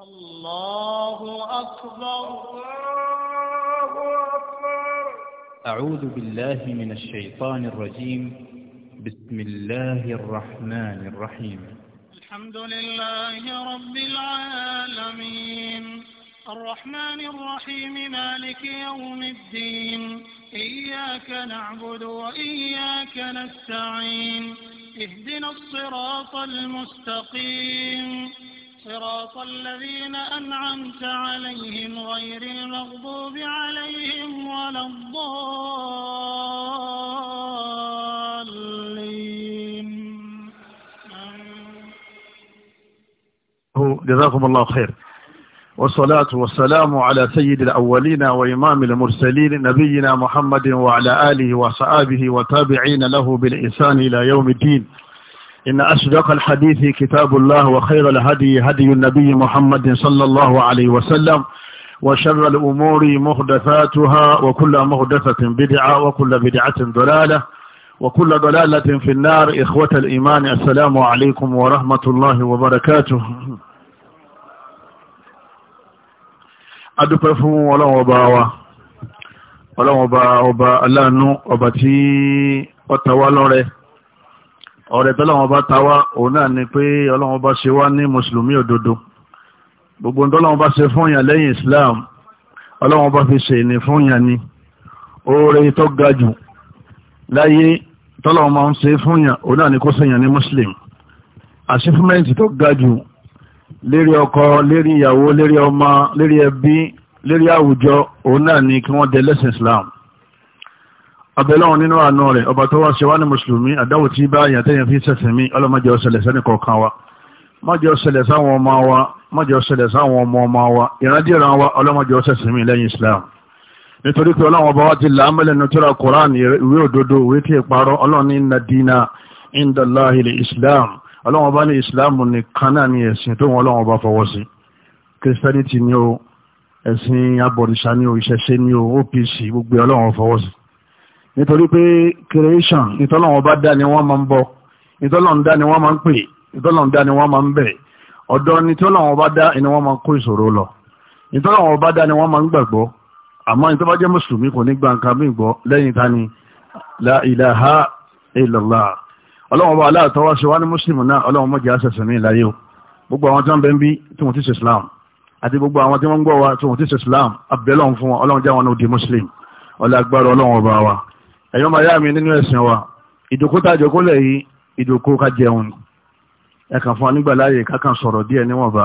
الله أكبر الله أكبر أعوذ بالله من الشيطان الرجيم بسم الله الرحمن الرحيم الحمد لله رب العالمين الرحمن الرحيم مالك يوم الدين إياك نعبد وإياك نستعين اهدنا الصراط المستقيم صراط الذين أنعمت عليهم غير المغضوب عليهم ولا الضالين جزاكم الله خير والصلاة والسلام على سيد الأولين وإمام المرسلين نبينا محمد وعلى آله وصحابه وتابعين له بالإحسان إلى يوم الدين إن أصدق الحديث كتاب الله وخير الهدي هدي النبي محمد صلى الله عليه وسلم وشر الأمور محدثاتها وكل محدثة بدعة وكل بدعة ضلالة وكل ضلالة في النار إخوة الإيمان السلام عليكم ورحمة الله وبركاته adúpẹ́ fún ọlọ́run ọba wa ọlọ́run ọba ọba aláàánú ọba ọ̀rẹ́ tọ́lọ́wọ́n bá ta wá òun náà ni pé ọlọ́wọ́n bá ṣe wá ní mùsùlùmí òdodo gbogbo tọ́lọ́wọ́n ṣe fún lẹ́yìn Islam ọlọ́wọ́n bá fi ṣe ní fún ni oore tó ga jù láyé tọ́lọ́wọ́n máa ń ṣe fún òun náà ni kó sèyàn ní muslim àṣífúmẹ́ǹtì tó ga jù lérí ọkọ lérí ìyàwó lérí ọmọ lérí ẹbí lérí àwùjọ òun náà ni kí wọ́n dé lẹ́sìn Islam abẹ́lọ́wọ̀n nínú àánú rẹ̀ ọba tó wá ṣe wá ní mùsùlùmí àdáwò tí bá yàn tẹ́yàn fi ṣẹ̀sìn mí ọlọ́mọdé ọ̀ṣẹ̀lẹ̀ sẹ́ni kọ̀ọ̀kan wa mọ́jọ ọ̀ṣẹ̀lẹ̀ sáwọn ọmọ wa mọ́jọ ọ̀ṣẹ̀lẹ̀ sáwọn ọmọ ọmọ wa ìrandíran wa ọlọ́mọdé ọ̀ṣẹ̀sìn mí lẹ́yìn Islam nítorí pé ọlọ́wọ̀n ọba wa ti là á mẹ́lẹ̀ nítorá Quran ìwé òdodo ìwé tí ìparọ́ ọlọ́ọ̀ni nadina Islam ọlọ́wọ̀n ọba Islam nìkan ni ẹ̀sìn tó wọn ọlọ́wọ̀n Christianity ni o ẹ̀sìn abọ̀rìṣà ni o ni o OPC gbogbo ọlọ́wọ̀n fọwọ́ sí nítorí pé creation ìtọ́lọ́wọ́n bá dá ni wọ́n máa ń bọ ìtọ́lọ́wọ́n dá ni wọ́n máa ń pè ìtọ́lọ́wọ́n dá ni wọ́n máa ń bẹ̀ ọ̀dọ́ ni tọ́lọ́wọ́n bá dá ni wọ́n máa kó ìṣòro lọ ìtọ́lọ́wọ́n bá dá ni wọ́n máa ń gbàgbọ́ àmọ́ ìtọ́ jẹ́ mùsùlùmí kò ní gba nǹkan mí gbọ́ lẹ́yìn tani la ilaha illallah ọlọ́wọ́n bá aláàtọ́ wá ṣe wá ní mùsùlùmí náà ọlọ́wọ́n mọ̀jẹ́ àṣẹṣẹ mi láyé o gbogbo àwọn tí wọ́n bẹ ń bí tí wọ́n ti ṣe islam àti gbogbo àwọn tí wọ́n ń gbọ́ wa tí wọ́n ti ṣe islam abẹ́lọ́n fún wọn ọlọ́wọ́n já wọn ní odi mùsùlùmí ọlọ́gbàrọ̀ ọlọ́wọ́n bá wa ẹ̀yọ́ máa yá nínú ẹ̀sìn wa ìdòkó tá a jòkó lẹ̀ yìí ìdòkó ká jẹun ni fún wa nígbà láàyè ká kàn sọ̀rọ̀ díẹ̀ níwọ̀nba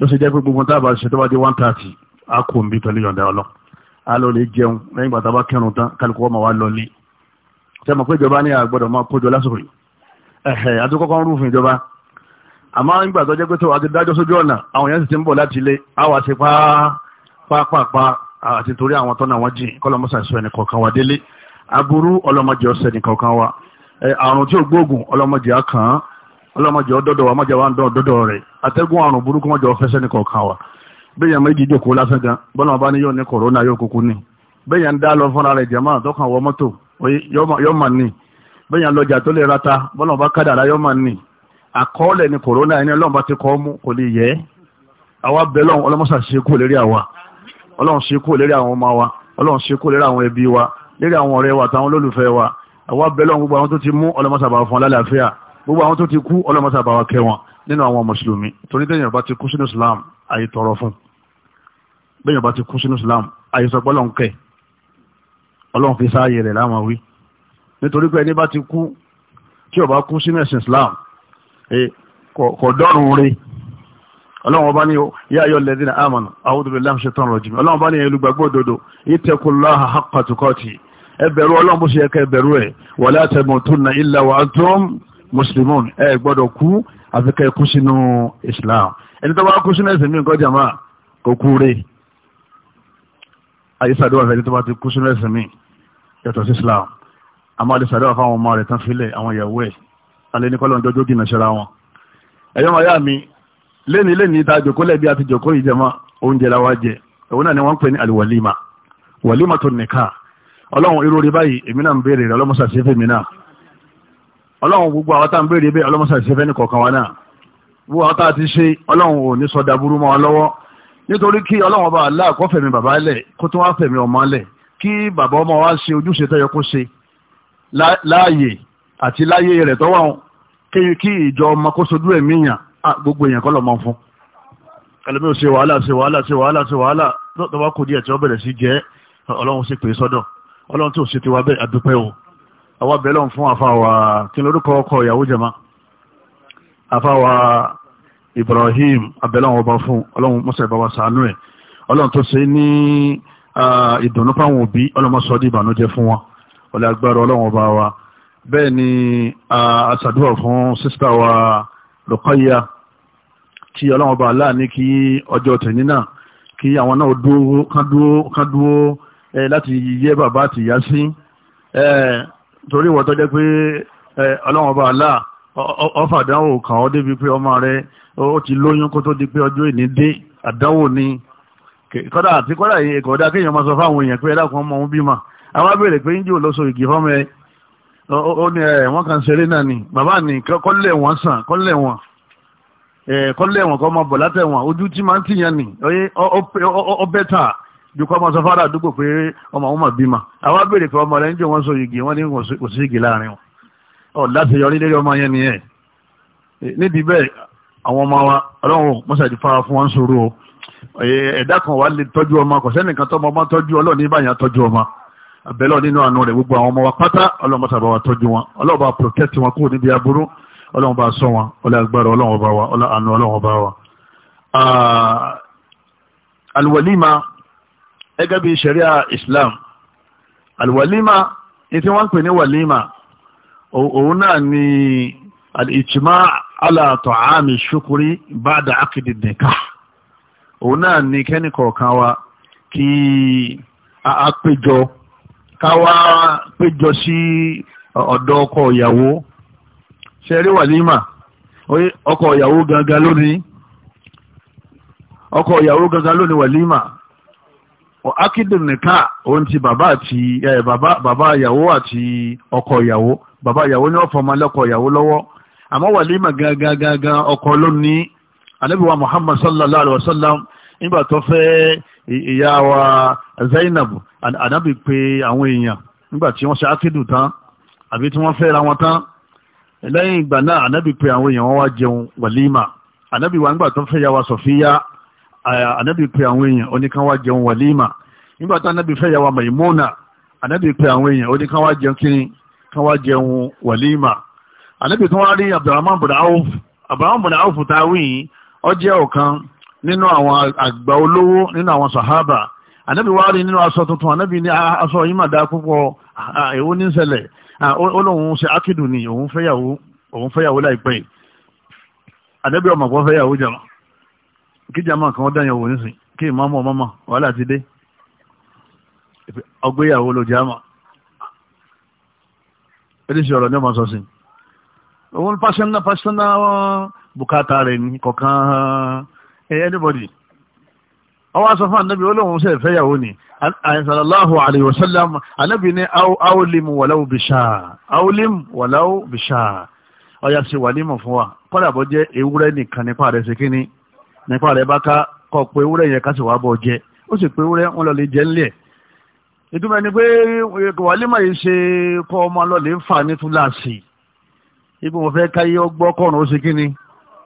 ló ṣe jẹ́ pé gbogbo tá a bá ṣe tó bá dé one thirty a kò ń bí pẹ̀lú yọ̀ǹda ọlọ́ a lọ lè jẹun lẹ́yìn ìgbà bá kẹrun tán kálukú ọmọ wa lọ lé ṣe mọ̀ pé ìjọba ní àgbọ̀dọ̀ máa kójọ lásìkò yìí ẹ̀hẹ̀ adúkọ́kọ́ ń rúfin ìjọba àmọ́ nígbà tó jẹ́ pé tó àti dájọ́ sójú ọ̀nà pa pápápá àti torí àwọn tọ́nà wọn jìn kọ́lọ́mọ́sà ìṣọ́ ẹnì kọ̀ọ̀kan wà délé aburú ọlọ́mọdé ọ̀sẹ̀ nìkan kan wa àrùn tí ò gbóògùn ọlọ́mọdé akàn án ọlọ́mọdé wa mọ́jà wa ń dán ọdọ́dọ̀ rẹ̀ atẹ́gùn àrùn burúkú mọ́jà ọ̀fẹ́sẹ̀ nìkan kan wa bẹ́yàn méjì jókòó lásán gan bọ́lá bá ní yóò ní kòrónà yóò kúkú ní lọ fúnra mọ́tò yóò ní lọjà tó lè rata bá kádàrá ní ní lérí àwọn ọ̀rẹ́ wa àtàwọn olólùfẹ́ wa àwa bẹ́lọ̀ gbogbo àwọn tó ti mú ọlọ́mọsàbà fún alálàáfíà gbogbo àwọn tó ti kú ọlọ́mọsàbà wa kẹ́ wọn nínú àwọn mùsùlùmí torí tẹ́yìn bá ti kú sínú Islam àyè tọrọ fún bẹ́yìn bá ti kú sínú Islam àyè sọ pọ́lọ́n kẹ́ ọlọ́run fi sáàyè rẹ̀ láwọn wí nítorí pé ẹni bá ti kú tí ó kú sínú ẹ̀sìn Islam e, kò dọ́rùn rí ọlọ́run ọba ní yá ayọ́ lẹ́dínà amọ̀nà àwọn òdòdó láàmṣẹ́ tán rọ̀ jù ọlọ́run ọba ní ẹlùgbàgbọ́ òdòdó ìtẹ́kùnláhà haqqa tuqati ẹbẹ̀rù ọlọ́run bó ṣe yẹ ká ẹbẹ̀rù ẹ̀ wala tamutunna illa wa antum muslimun ẹ gbọ́dọ̀ kú àfi ká ẹ kú sínú islam ẹni tó bá kú sínú ẹ̀sìn mi nǹkan jàmá kò kú rè ayé sàdúrà fẹ́ni tó bá ti kú sínú ẹ̀sìn mi yàtọ̀ sí islam àmọ́ àdé sàdúrà fáwọn ọmọ rẹ̀ tán filẹ̀ àwọn ìyàwó ẹ̀ alẹ́ ní kọ́lọ́ ọjọ́jọ́ dìnnà ṣẹra wọn ẹ̀yọ́ màá mi lẹ́ni lẹ́ni ta jòkó lẹ́bi àti jòkó ìjẹmọ́ oúnjẹ la wá jẹ òun ni alwalima walima tó nìkan ọlọ́run irú rí báyìí èmi náà ń béèrè rẹ̀ ọlọ́mọsà sí fèmí náà ọlọ́run gbogbo àwọn tá ń béèrè bẹ́ẹ̀ ọlọ́mọsà sí fẹ́ni kọ̀ọ̀kan wa náà gbogbo àwọn tá a ti ṣe ọlọ́run ò ní sọdá burú mọ́ ọ lọ́wọ́ nítorí kí ọlọ́run ọba Allah kó fẹ̀mí bàbá lẹ̀ kó tún wá fẹ̀mí ọmọ lẹ̀ kí bàbá ọmọ wa ṣe ojúṣe tó yẹ kó ṣe láàyè àti láyé rẹ̀ tọ́wọ́ kí ṣe pè é sọ́dọ̀ ọlọ́run tí ò ṣe ti wá bẹ́ẹ̀ àdúpẹ́ o àwa bẹ́ẹ̀ lọ́n fún àfàwà kí ni orúkọ ọkọ ìyàwó jẹma àfàwà Ibrahim abẹ́lọ́wọ̀n ọba fún ọlọ́run mọ́sẹ̀ bàbá sàánú ẹ̀ ọlọ́run tó ṣe ní ìdùnnú fáwọn òbí ọlọ́run sọ di ìbànújẹ́ fún wọn ọlẹ́ agbára ọlọ́run ọba wa bẹ́ẹ̀ ni àṣàdúrà fún sísítà wa Ruqayya tí ọlọ́run ọba aláàní kí ọjọ́ tẹ̀ní náà kí àwọn náà dúró kán dúró kán dúró láti yẹ bàbá àti ìyá sí torí ìwọ tó jẹ́ pé ọlọ́run ọba àlá ọfà àdánwò kàn ọ́ débi pé ọmọ rẹ ó ti lóyún kó tó di pé ọjọ́ ìní dé àdánwò ni kọ́dà àti kọ́dà yìí ẹ̀kọ́ dá kéèyàn máa sọ fáwọn èèyàn pé ẹ̀dá kan ọmọ òun bímọ àwọn abèrè pé ń jò lọ́sọ ìgì fọ́mọ ẹ ó ní ẹ wọ́n kàn ṣeré náà ni bàbá ni ju kọ́ ọmọ sọ fáwọn àdúgbò pé ọmọ àwọn ọmọ bímọ àwa béèrè pé ọmọ rẹ̀ ń jẹ́ wọ́n so igi wọ́n ní kò sí igi láàrin wọn ọ̀ láti yọrí lérí ọmọ yẹn nìyẹn e, níbi bẹ́ẹ̀ àwọn ọmọ wa ọlọ́run mọ́sàdì fara fún wọn sòrò o e, ẹ̀dá kan wà lè tọ́jú ọmọ kò sẹ́nìkan tọ́mọ ọmọ tọ́jú ọlọ́run ní báyà tọ́jú ọmọ abẹ́lọ́ nínú àánú rẹ̀ gbogbo àwọn ọmọ wa pátá ọlọ́run ah, alwalima gẹ́gẹ́ bí sharia islam alwalima ní tí wọ́n ń pè ní walima òun náà ni alìtìmá alàtọ̀ àmì ṣukuri ba'da aqdi nikah òun náà ni kẹ́ni kọ̀ọ̀kan wa kí a péjọ káwa péjọ sí ọ̀dọ̀ ọkọ ìyàwó ṣe walima ọkọ ìyàwó gangan lónìí ọkọ ìyàwó gangan lónìí walima akidu nìka òun ti bàbá àti ẹ baba bàbá ìyàwó àti ọkọ ìyàwó bàbá ìyàwó ní ọ̀fọ̀ ọmọlẹ́kọ ìyàwó lọ́wọ́ àmọ́ wàlímà gangan gangan ọkọ lónìí anábìwá muhammad sallallahu alayhi wa sallam nígbà tó fẹ́ ìyá wa zainab anábì pé àwọn èèyàn nígbà tí wọ́n ṣe akidu tán àbí tí wọ́n fẹ́ ra wọn tán lẹ́yìn ìgbà náà anábì pé àwọn èèyàn wọn wá jẹun wàlímà anábìwá nígbà tó fẹ́ yà wá sọ̀fíyà ànábì pé àwọn èèyàn oníkan wá jẹun wàlímà nígbà tí ànábì fẹ́ yàwó Maimuna ànábì pé àwọn èèyàn oníkan wá jẹun kíni ni wá jẹun wàlímà ànábì tó wá rí Abdurrahman bin Auf Abdurrahman bin Auf táwí yìí ó jẹ́ ọ̀kan nínú àwọn àgbà olówó nínú àwọn sàhábà ànábì wá rí nínú aṣọ tuntun ànábì ní aṣọ yìí mà dáa púpọ̀ èwo ní ṣẹlẹ̀ ó lóun ṣe ákìdù ni òun fẹ́yàwó òun fẹ́yàwó láìpẹ́ ànábì ọmọ kí jàmá kan dáyàn wò nísìn kí ìmọ̀mọ̀ mọ́mọ̀ wàhálà ti dé ọgbéyàwó ló jàmá eréṣì ọ̀rọ̀ ní ọmọ sọ sí òun pásánà pásánà bùkátà rẹ̀ ní kọ̀ọ̀kan eh, anybody ọwọ́ sọ fún anábì olóhùn sẹ́ẹ̀ fẹ́yàwó ni sallallahu alayhi wa sallam anábì ní aulim wàláwù bìṣà aulim wàláwù bìṣà ọyà sí wàlímọ̀ fún wa kọ́dà bọ́ jẹ́ ewúrẹ́ nìkan nípa rẹ̀ sí kíní nípa rẹ̀ bá ká kọ pé ewúrẹ́ yẹn wá jẹ ó sì pé ewúrẹ́ wọn lọ jẹ ńlẹ̀ ni pé wàlímà yìí ṣe kọ́ ọmọ lọ lè fà ní túláàsì ibi mo fẹ́ káyé ọgbọ́ kọ́run ó ṣe kí ni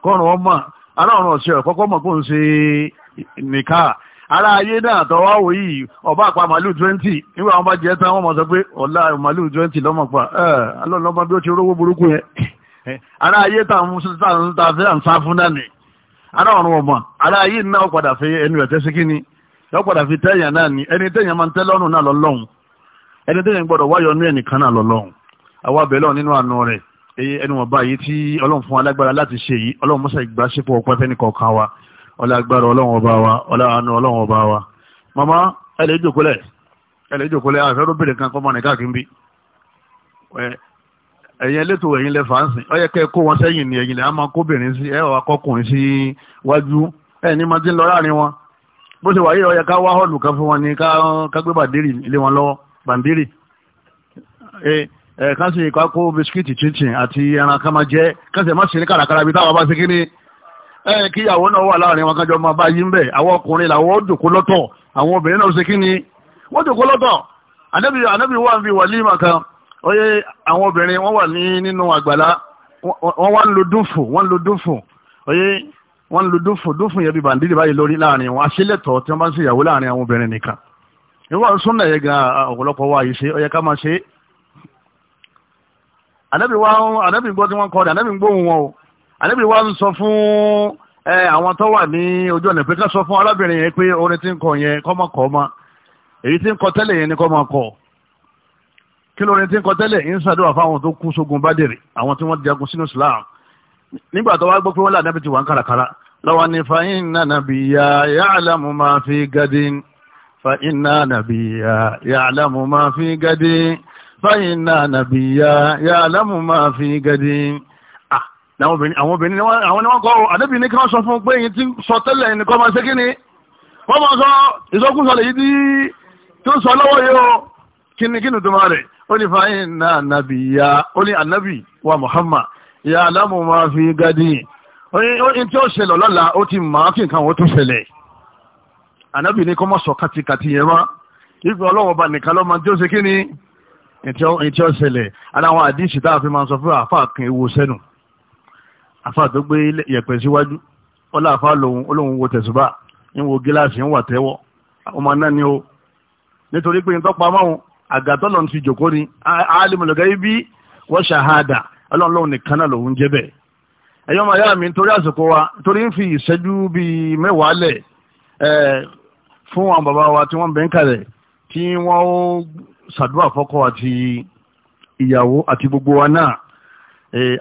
kọ́run aláwọn ọ̀sẹ̀ mọ̀ kó ń ara ayé náà tọwọ́ yìí ọba àpá twenty nígbà wọn sọ pé ọ̀la twenty pa ara ayé ń ará ọrụ ọ̀mà ala yi náà padà fi ẹnu ẹ̀tẹ́ sí kíni yọ padà fi tẹ́yàn náà ni ẹni tẹ́yàn na ń tẹ́ lọ́rùn náà gbọdọ wayo tẹ́yàn gbọ́dọ̀ wáyọ̀ ní ẹnìkan náà lọ́lọ́hun àwa abẹ́lọ́ nínú àánú rẹ̀ èyí ọba yìí tí ọlọ́run fún alágbára láti ṣe yìí ọlọ́run mọ́sá ìgbà wa ọba wa ọlá ọba wa màmá ẹlẹ́ ìjòkólẹ̀ kan kọ́ mọ́ ẹ̀yin elétò ẹ̀yin lẹ fàánsìn ó yẹ kẹ́ kó wọn sẹ́yìn ní ẹ̀yin lẹ á máa kóbìnrin sí ẹ̀ wà kọkùnrin sí wájú ẹ̀ ní máa ti ń lọ láàrin wọn bó ṣe wà yìí ó yẹ ká wá họ́ọ̀lù kan fún wọn ni ká gbé bàndírì ilé wọn lọ́wọ́ bàndírì ẹ̀ kán sì ká kó bisikíìtì chinchin àti ẹran ká máa jẹ́ kán sì má sí ní kàràkàrà bí táwọn bá ṣe kíní ẹ̀ kí ìyàwó náà wà láàrin wọn kájọ máa bá yí ń bẹ̀ àwọn ọkùnrin oye àwọn obìnrin wọ́n wà ní nínú àgbàlá wọ́n wá ń lo dúnfù wọ́n ń lo dúnfù oye wọ́n ń lo dúnfù dúnfù yẹn bí bàǹdídì báyìí lórí láàrin wọn àṣìlẹ̀tọ̀ tí wọ́n bá ń ṣe ìyàwó láàrin àwọn obìnrin nìkan ìwà súnà yẹn gan ọ̀pọ̀lọpọ̀ wa yìí ṣe ọyẹ ká máa ṣe é wa ànábì gbọ́ tí wọ́n kọ́ ànábì gbóhùn wọn o ànábì wa ń sọ fún àwọn tó wà ní ojú ọ̀nà pé ká sọ fún arábìnrin yẹn pé orin tí ń kọ yẹn kọ́ máa kọ́ máa èyí tí ń kọ tẹ́lẹ̀ yẹn ni kọ́ máa kọ́ kí ló retí nǹkan tẹ́lẹ̀ ń ṣàdúrà fáwọn tó kú sógun Bádìrì àwọn tí wọ́n jagun sínú Islam nígbà tó wá gbọ́ pé wọ́n là nábì ti wà ń kàràkàrà lọ́wọ́ ni fa inna nabiyya ya'lamu ma fi gadin fa inna nabiyya ya'lamu ma fi gadin fa inna nabiyya ya'lamu ma fi gadin. Ah, àwọn obìnrin àwọn ni wọ́n kọ́ àdébì ní kí wọ́n sọ fún pé èyí ti sọ tẹ́lẹ̀ nìkan máa ṣe kí ni wọ́n máa sọ ìsọkúsọ lèyí tí ó sọ lọ́wọ́ yìí ó kí ni kí ni tó máa rẹ̀ ó ní fàáyín náà ànábì ya ó ní ànábì wa Muhammad ya alámù máa fi gádì ó ní tí ó ṣẹlẹ̀ lọ́la ó ti máa kí nǹkan ó tún ṣẹlẹ̀ ànábì ní kó má sọ kàtìkàtì yẹn wá ìgbà ọlọ́wọ́ bá nìkan lọ́mọ tí ó ṣe kí ni ìtí ó ṣẹlẹ̀ aláwọn àdíṣì tá a fi máa sọ fún àfáà kan ewu sẹ́nu àfáà tó gbé yẹ̀pẹ̀ síwájú ọlá àfáà lòun olóhun wo tẹ̀sùbà ń wo gíláàsì ń wà tẹ́wọ́ ọmọ náà ni ó nítorí pé ń tọ́pa máwọn àgàtọ́lọ̀ ti jòkó ni alimul ghaibi wa shahada ọlọ́run lóun nìkan náà lòun jẹ́ bẹ́ẹ̀ ẹ̀yọ́ máa yára mi nítorí àsìkò wa torí ń fi ìṣẹ́jú bíi mẹ́wàá lẹ̀ fún àwọn bàbá wa tí wọ́n bẹ̀ ń kalẹ̀ tí wọ́n ó ṣàdúrà fọ́kọ àti ìyàwó àti gbogbo wa náà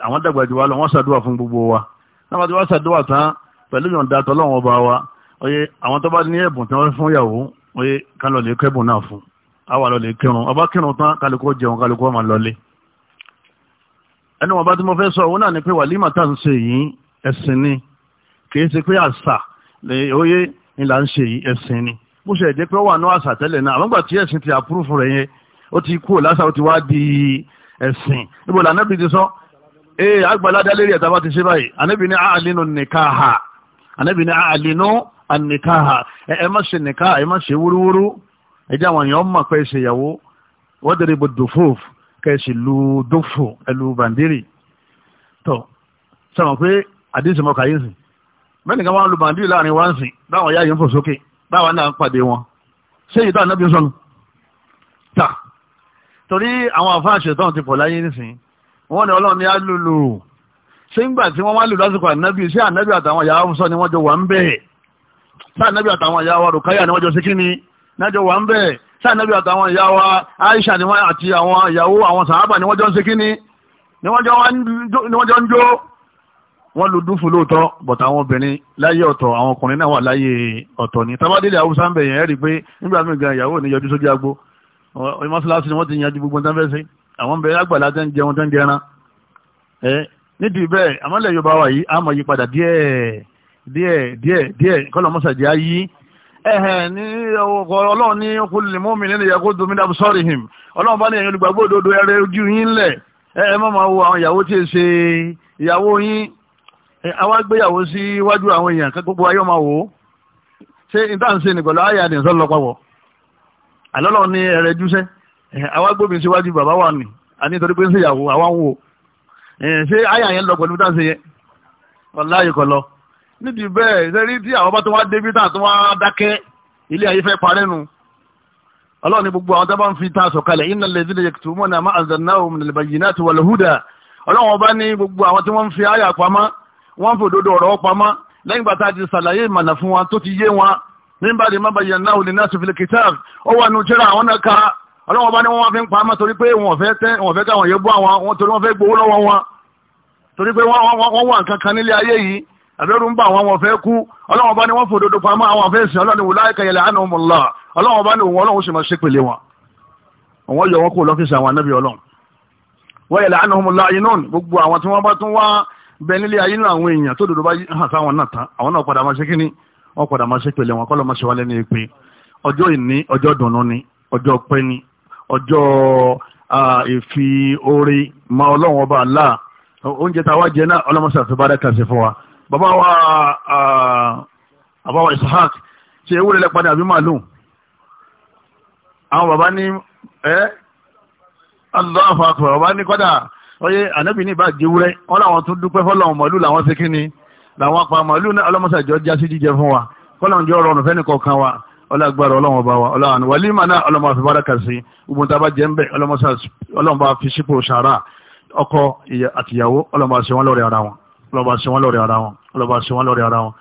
àwọn dàgbà jù wá lọ wọ́n ṣàdúrà fún gbogbo wa náà wọ́n ti wá ṣàdúrà tán pẹ̀lú ìyọ̀ǹda tọ́lọ́wọ́n ọba wa àwọn tó bá ní ẹ̀bùn tí wọ́n fún ìyàwó kálọ̀ lè kẹ́bùn náà fún àwa lọ lè kírun ọba kírun tán kálukú jẹun kálukú ọmọ lọlé ẹni wọn bá tí mo fẹ́ sọ òun náà ni pé wàlímà tá à ń ṣe yìí ẹ̀sìn ni kì í ṣe pé àṣà òye ni là ń ṣe yìí ẹ̀sìn ni bó ṣe jẹ́ pé ó wà ní àṣà tẹ́lẹ̀ náà àwọn ìgbà tí ẹ̀sìn ti àpúrúfù rẹ̀ yẹn ó ti kú lásà ó ti wá di ẹ̀sìn níbo là nẹ́bí ti sọ ee àgbàládá lérí ẹ̀ta bá ti ṣe báyìí ànẹ́bí ní àlínú nìkáhà ànẹ́bí ní àlínú ànìkáhà ẹ má ṣe nìkáhà ẹ má ṣe wúrúwúrú ẹjẹ́ àwọn èèyàn mọ̀ pé ṣe ìyàwó wọ́n dẹ̀rẹ̀ bó dòfóòf kẹ́ẹ̀sì lu dòfò ẹlu bàndírì tọ́ sọ̀rọ̀ pé àdéhùn mọ́ka yín sìn mẹ́rin kan wọ́n lu bàndírì láàrin wá ń sìn báwọn yá yìí ń fò sókè báwọn náà ń pàdé wọn ṣé ìdá ànábì ń sọnù tà torí àwọn àfáà ṣètọ́n ti pọ̀ láyé nísìn wọ́n ní ọlọ́run ní á lùlù ṣé ńgbà tí wọ́n wá lù lásìkò ànábì ṣé ànábì àtàwọn ìyá sọ ni wọ́n jọ wà ń bẹ̀ ṣé ànábì àtàwọn ìyá wa ni wọ́n jọ sí kí ni nájọ wà ń bẹ̀ sáànàbí àtàwọn ìyá wa Aisha ni wọ́n àti àwọn ìyàwó àwọn sàábà ni wọ́n jọ ń ṣe kíní ni wọ́n jọ ń jó wọ́n lu dúfù lóòótọ́ bọ̀tà àwọn obìnrin láyé ọ̀tọ̀ àwọn ọkùnrin náà wà láyé ọ̀tọ̀ ni tábàdélé haúsá ń bẹ̀ yẹn rí i pé nígbà míì gan ìyàwó ni yọjú sójú agbo mọ́ṣáláṣí ni wọ́n ti yanjú gbogbo nǹkan fẹ́ẹ́ àwọn ń bẹ àgbàlá tẹ́ ń jẹun tẹ́ ń jẹran ẹ nídìí bẹ́ẹ̀ àmọ́lẹ̀ Yorùbá wa yìí àmọ̀ yípadà díẹ̀ díẹ̀ díẹ̀ díẹ̀ kọ́lọ́mọ́sàdì á ẹ̀hẹ̀n ní ọlọ́run ní kulli mu'minin yaghuddu min absarihim ọlọ́run bá ní ẹ̀yin olùgbàgbọ́ òdodo ẹ̀rẹ́ ojú yín lẹ̀ ẹ má máa wo àwọn ìyàwó tí ì ṣe ìyàwó yín àwa sí iwájú àwọn èèyàn gbogbo ayé máa wò ó ṣé ìtànṣe ayé àlọ́lọ́ ní ẹ̀rẹ́ síwájú bàbá pé ń wò ṣé ayé lọ pẹ̀lú ìtànṣe yẹn lọ nídìí bẹ́ẹ̀ sẹ́rí tí àwọn bá tó wá débi tá tó wá dákẹ́ ilé ayé fẹ́ parẹ́ nu ọlọ́run ní gbogbo àwọn tó bá ń fi ta sọ̀kalẹ̀ innal ladhina yaktumuna ma anzalnahu minal bayyinati wal huda ọlọ́run ọba ní gbogbo àwọn tí wọ́n ń fi àyà pamọ́ wọ́n ń fi òdodo ọ̀rọ̀ pamọ́ lẹ́yìn bàtà àti sàlàyé ìmọ̀nà fún wọn tó ti yé wọn nígbà tí má bayyanahu linnasi fil kitab ó wà nù jẹ́ra àwọn náà ka ọlọ́run ọba ní wọ́n fi ń pamọ́ torí pé wọ́n fẹ́ tẹ́ wọ́n fẹ́ káwọn yẹ bọ́ àwọn torí wọ́n fẹ́ gbowó lọ́wọ́ wọn torí pé wọ́n wà nǹkan nílé ayé yìí àbẹ́rù ń bá àwọn àwọn fẹ́ kú ọlọ́wọ́n bá ní wọ́n fòdodo pamọ́ àwọn àfẹ́ ìsìn ọlọ́ni wò láìka yẹlẹ̀ àánú mọ̀lá ọlọ́wọ́n bá ní òun ọlọ́run sì máa ṣe pèlè wọn àwọn yọ wọn kó lọ́fíìsì àwọn anábì ọlọ́run wọ́n yẹlẹ̀ àánú mọ̀lá inú gbogbo àwọn tí wọ́n bá tún wá bẹ nílé ayé náà àwọn èèyàn tó dodo bá hàn sáwọn náà tán àwọn náà bàbá wa àbáwá Ishaq ṣe ewúrẹ́ lẹ́padà àbí màlúù àwọn bàbá ní ẹ́ Allahu Akbar bàbá ní kọ́dà ọyẹ ànábì ní ìbáàjì ewúrẹ́ wọn làwọn tún dúpẹ́ fọlọ́run màlúù làwọn ṣe kíni làwọn apá màlúù náà ọlọ́mọṣàjọ já sí jíjẹ fún wa fọlọ́run jọ rọrùn fẹ́ni kọ̀ọ̀kan wa ọlọ́gbàrà ọlọ́wọ̀n bá wa ọlọ́wọ̀n wàlímà náà ọlọ́mọ fi bára kàsí ogun tàbá jẹ́ ń bẹ̀ ọlọ́mọ bá fi sípò sàárà ọkọ àtìyàwó ọlọ́ba ṣe wọ́n lọ́rẹ̀ ara wọn ọlọ́ba ṣe wọ́n lọ́rẹ̀ ara wọn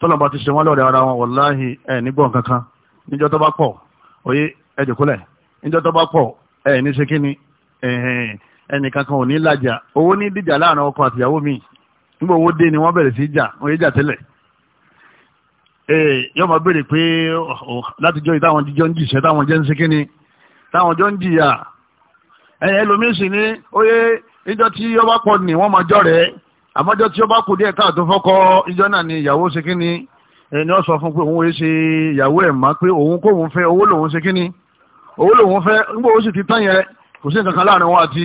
tọ́lọ́ba ti ṣe wọ́n lọ́rẹ̀ ara wọn wàláhì ẹ̀ nígbọ̀n kankan níjọ́ tó bá pọ̀ oyé ẹ̀dùkúlẹ̀ níjọ́ tó bá pọ̀ ẹ̀ ní ṣe kí ni ẹnì kankan ò ní lájà owó ní dìjà láàrin ọkọ àtìyàwó mi nígbà owó dé ni wọ́n bẹ̀rẹ̀ sí jà oyé jà tẹ́lẹ̀ yóò máa béèrè pé látijọ́ yìí táwọn jíjọ́ ń jìṣẹ́ táwọn jẹ́ ń ṣe kí ni táwọn jọ ń jìyà ẹlòmíín sì ni oyé níjọ́ tí ọba pọ̀ ni wọ́n máa jọ́ rẹ̀ àmọ́jọ́ tí ó bá kù díẹ̀ káàtó fọ́kọ́ ìjọ náà ni ìyàwó ṣe kíni ẹni ó sọ fún pé òun ṣe ìyàwó ẹ̀ má pé òun kóun fẹ́ owó lòun ṣe kíni owó lòun fẹ́ nígbà ó sì ti tán yẹn kò sí nǹkan kan láàrin wọn àti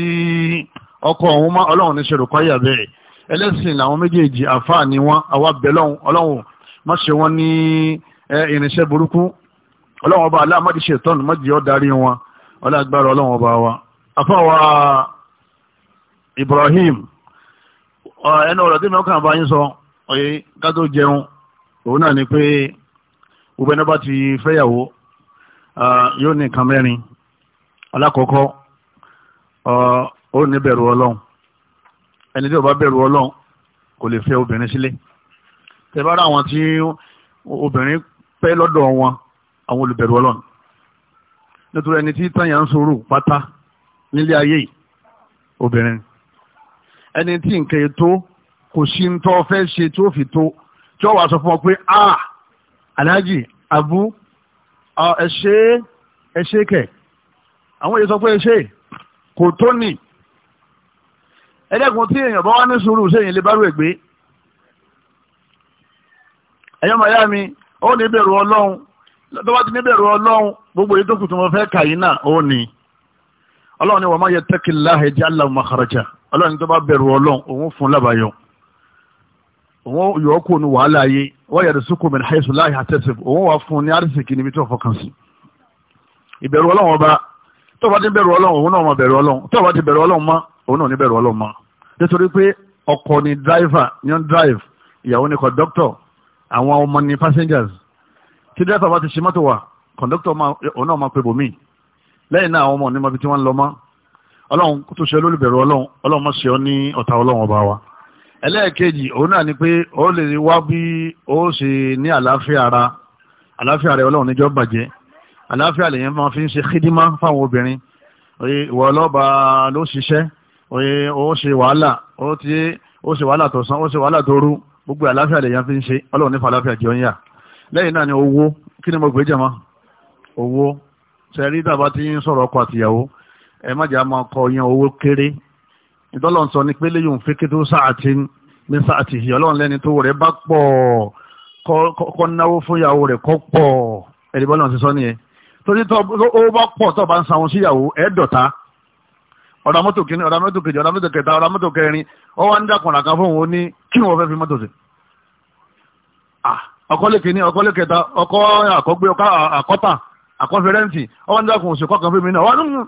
ọkọ òun mọ́ ọlọ́run ní ṣèrò kọ́yà bẹ́ẹ̀ ẹlẹ́sìn làwọn méjèèjì àfáà ni wọn àwa bẹ̀ lọ́hùn má ṣe wọn ní irinṣẹ́ burúkú ọlọ́run ọba wa Ibrahim ẹnu ọ̀rọ̀ tí mi kàn bá yín sọ ọ̀yẹ́ ká tó jẹun òun náà ni pé gbogbo ẹni bá ti fẹ́yàwó yóò ní nǹkan mẹ́rin alákọ̀ọ́kọ́ ó ní bẹ̀rù ọlọ́run ẹni tí ó bá bẹ̀rù ọlọ́run kò lè fẹ́ obìnrin sílé tẹ bá rà àwọn tí obìnrin pẹ́ lọ́dọ̀ wọn àwọn olùbẹ̀rù ọlọ́run nítorí ẹni tí táyà ń sọ̀rọ̀ pátá nílé ayé obìnrin ẹni tí nǹkan ètò kò sí ń tọ́ fẹ́ ṣe tí ó fi tó tí ó wà sọ fún ọ pé a aláàjì àbú ẹ ṣe ẹ ṣe kẹ àwọn èyí sọ pé ẹ ṣe kò tó nì ẹ̀dẹ́kun tí èèyàn bá wá ní sùúrù sẹ́yìn lè bárò ẹ̀gbẹ́ ẹ̀yọ́ màyá mi ó ní bẹ̀rù ọlọ́run tó bá ti ní bẹ̀rù ọlọ́run gbogbo èyí tó kù fẹ́ kàyí náà ó ní ọlọ́run ni wọ́n máa yẹ tẹ́kìlá ẹ̀jẹ̀ aláwọ̀ màkàràjà ọlọ́run tó bá bẹ̀rù ọlọ́run òun fún lábàáyọ òun yọ kó nu wàhálà ayé wọ́n yàrá sókò min haythu la yahtasib òun wà fún ní àrísìkì níbi tó fọkàn sí ìbẹ̀rù ọlọ́run ọba tó bá ti bẹ̀rù ọlọ́run òun náà mọ bẹ̀rù ọlọ́run tó bá ti bẹ̀rù ọlọ́run mọ òun náà ní bẹ̀rù ọlọ́run mọ nítorí pé ọkọ ni driver ni on drive ìyàwó ni conductor àwọn ọmọ ni passengers tí driver bá conductor òun náà máa pe bòmíì lẹ́yìn náà ọlọ́run kó tó ṣe olólùbẹ̀rù ọlọ́run ọlọ́run má ṣe ọ ní ọ̀tá ọlọ́run ọba wa ẹlẹ́ẹ̀kejì òun náà ni pé ó lè wá bí ó ṣe ní àlàáfíà ara àlàáfíà rẹ ọlọ́run níjọ́ bàjẹ́ àlàáfíà lèyẹn máa fi ń ṣe kídímá fáwọn obìnrin ìwọ ọlọ́ba ló ṣiṣẹ́ ó ṣe wàhálà ó ti ó ṣe wàhálà tọ̀sán ó ṣe wàhálà tóru gbogbo àlàáfíà lèyẹn fi ń ṣe ọlọ́run nífa àlàáfíà jẹun yà lẹ́yìn náà ni owó kí ni mo gbé jẹ́ mọ́ owó ṣe rí tàbá ti ń sọ̀rọ̀ ọkọ àtìyàwó ẹ má jà máa kọ yan owó kéré ìdọ́lọ̀ sọ ni pé léyìn òun fẹ́kẹ́ tó sáàtì ní sáàtì yìí ọlọ́run lẹ́ni tó rẹ̀ bá pọ̀ kọ́ náwó fún ìyàwó rẹ̀ kọ́ pọ̀ ẹ̀rí bọ́lọ̀ ti sọ nìyẹn torí tó ó bá pọ̀ tó bá ń sanwó sí ìyàwó ẹ̀ dọ̀ta ọ̀dà mọ́tò kìíní ọ̀dà mọ́tò kejì ọ̀dà mọ́tò kẹta ọ̀dà mọ́tò kẹrin ó wá ń dàkùnrà kan fóun ó ní kí wọ́n fẹ́ fi mọ́tò sí. ọkọ́lé kìíní ọkọ́lé kẹta ọkọ́ àkọ́gbé ọkọ́ àkọ́tà àkọ́fẹ́rẹ́ǹtì ó wá ń dàkùn òṣèkọ́ kan fún mi náà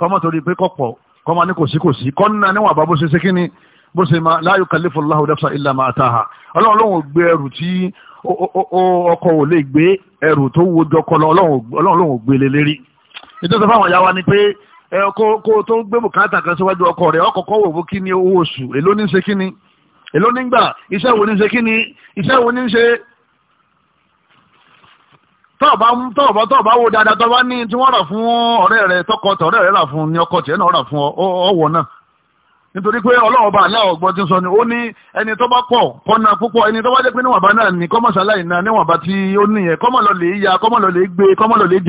kọ́mọ torí pé kọ̀pọ̀ kọ́mọ ní kò sí kò sí kọ́nà níwọ̀n àbá bó ṣe ṣe kíni bó ṣe máa la yukallifu Allahu nafsan ma ataha ọlọ́run lóun gbé ẹrù tí ọkọ̀ ò lè gbé ẹrù tó wo jọkọlọ ọlọ́run lóun gbé lé lérí fáwọn ìyá wa ni pé kó tó gbé bùkátà kan síwájú rẹ̀ ọkọ̀ kọ́ wò kí ni owó oṣù èló ní ṣe èló nígbà iṣẹ́ wo ní tọ́ọ̀bá tọ́ọ̀bá tọ́ọ̀bá wo dáadáa tọ́ọ̀bá ní tí wọ́n rà fún ọ̀rẹ́ rẹ tọkọ tọ̀rẹ́ rẹ rà fún ni ọkọ tiẹ̀ náà rà fún ọwọ́ náà nítorí pé ọlọ́run bá aláwọ̀ gbọ́ ti sọ ni ó ní ẹni tó bá pọ̀ kọ́nà púpọ̀ ẹni tó bá jẹ́ pé níwọ̀nba náà ni kọ́mọ̀sáláì náà ó nìyẹn ya gbé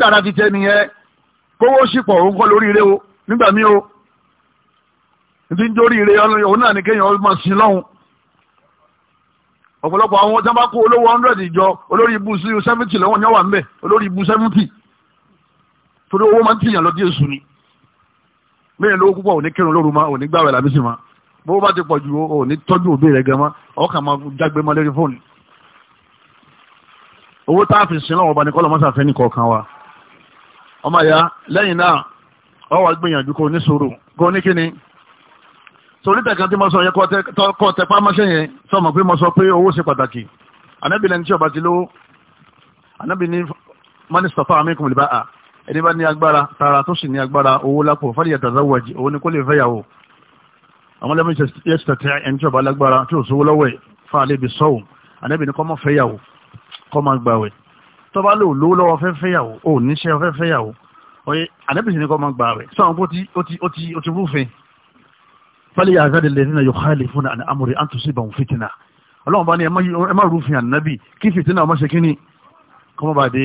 jalè ti nìyẹn kówó òun kọ́ lórí ire o nígbà míì o ire òun náà ni kéèyàn máa sin ọ̀pọ̀lọpọ̀ àwọn tí wọ́n bá kó olówó hundred ìjọ olórí ibu sí seventy lọ́wọ́ yẹn wà ń bẹ̀ olórí ibu seventy torí owó máa ń tìyàn lọ díẹ̀ sùn ni mẹ́rin lówó púpọ̀ òní kírun lóru ma òní gbàwẹ̀ làbísí ma bó bá ti pọ̀ ju òní tọ́jú òbí rẹ̀ gan ma ọkàn máa jágbe mọ́ lórí fóònù owó tá a fi sin lọ́wọ́ ọba ní kọ́lọ́ mọ́sàfẹ́ ní kọ̀ọ̀kan wa ọmọ ìyá lẹ́yìn náà ọ wà gbìyànjú kó ní kó ní torí tẹ̀kan tí mo sọ yẹ kọ́ tẹ pámọ́ṣẹ́ yẹn sọmọ pé mo sọ pé owó ṣe pàtàkì anábì lẹni tí ọba ti lówó anábì ní mínísítà fáwọn amíkùn lè bá a ẹni bá ní agbára tara tó sì ní agbára owó lápò fàlìyà tàzáwàjì òun ni kó lè fẹ́yàwó àwọn lẹ́mí yẹ́sítà tí ẹni tí ọba lágbára tí ò sówó lọ́wọ́ ẹ̀ fà lè bi sọ́wọ́ anábì ní kó má fẹ́yàwó kó má gbàwẹ̀ tó bá lò lówó lọ́wọ́ fẹ́ fẹ́yàwó ò níṣẹ́ fẹ́ fẹ́yàwó ọ̀yẹ́ anábì sì ní kó má gbàwẹ̀ sọ́wọ́n fálẹ̀ yà àzá lè nínú yóò hálẹ̀ fún àná amúre à ń tún sí ìbàwọ̀n fìtínà ọlọ́run bá ní ẹ má rúfin ànábì kí fìtínà ọmọ ṣe kí ni kọ́mọ́ bá dé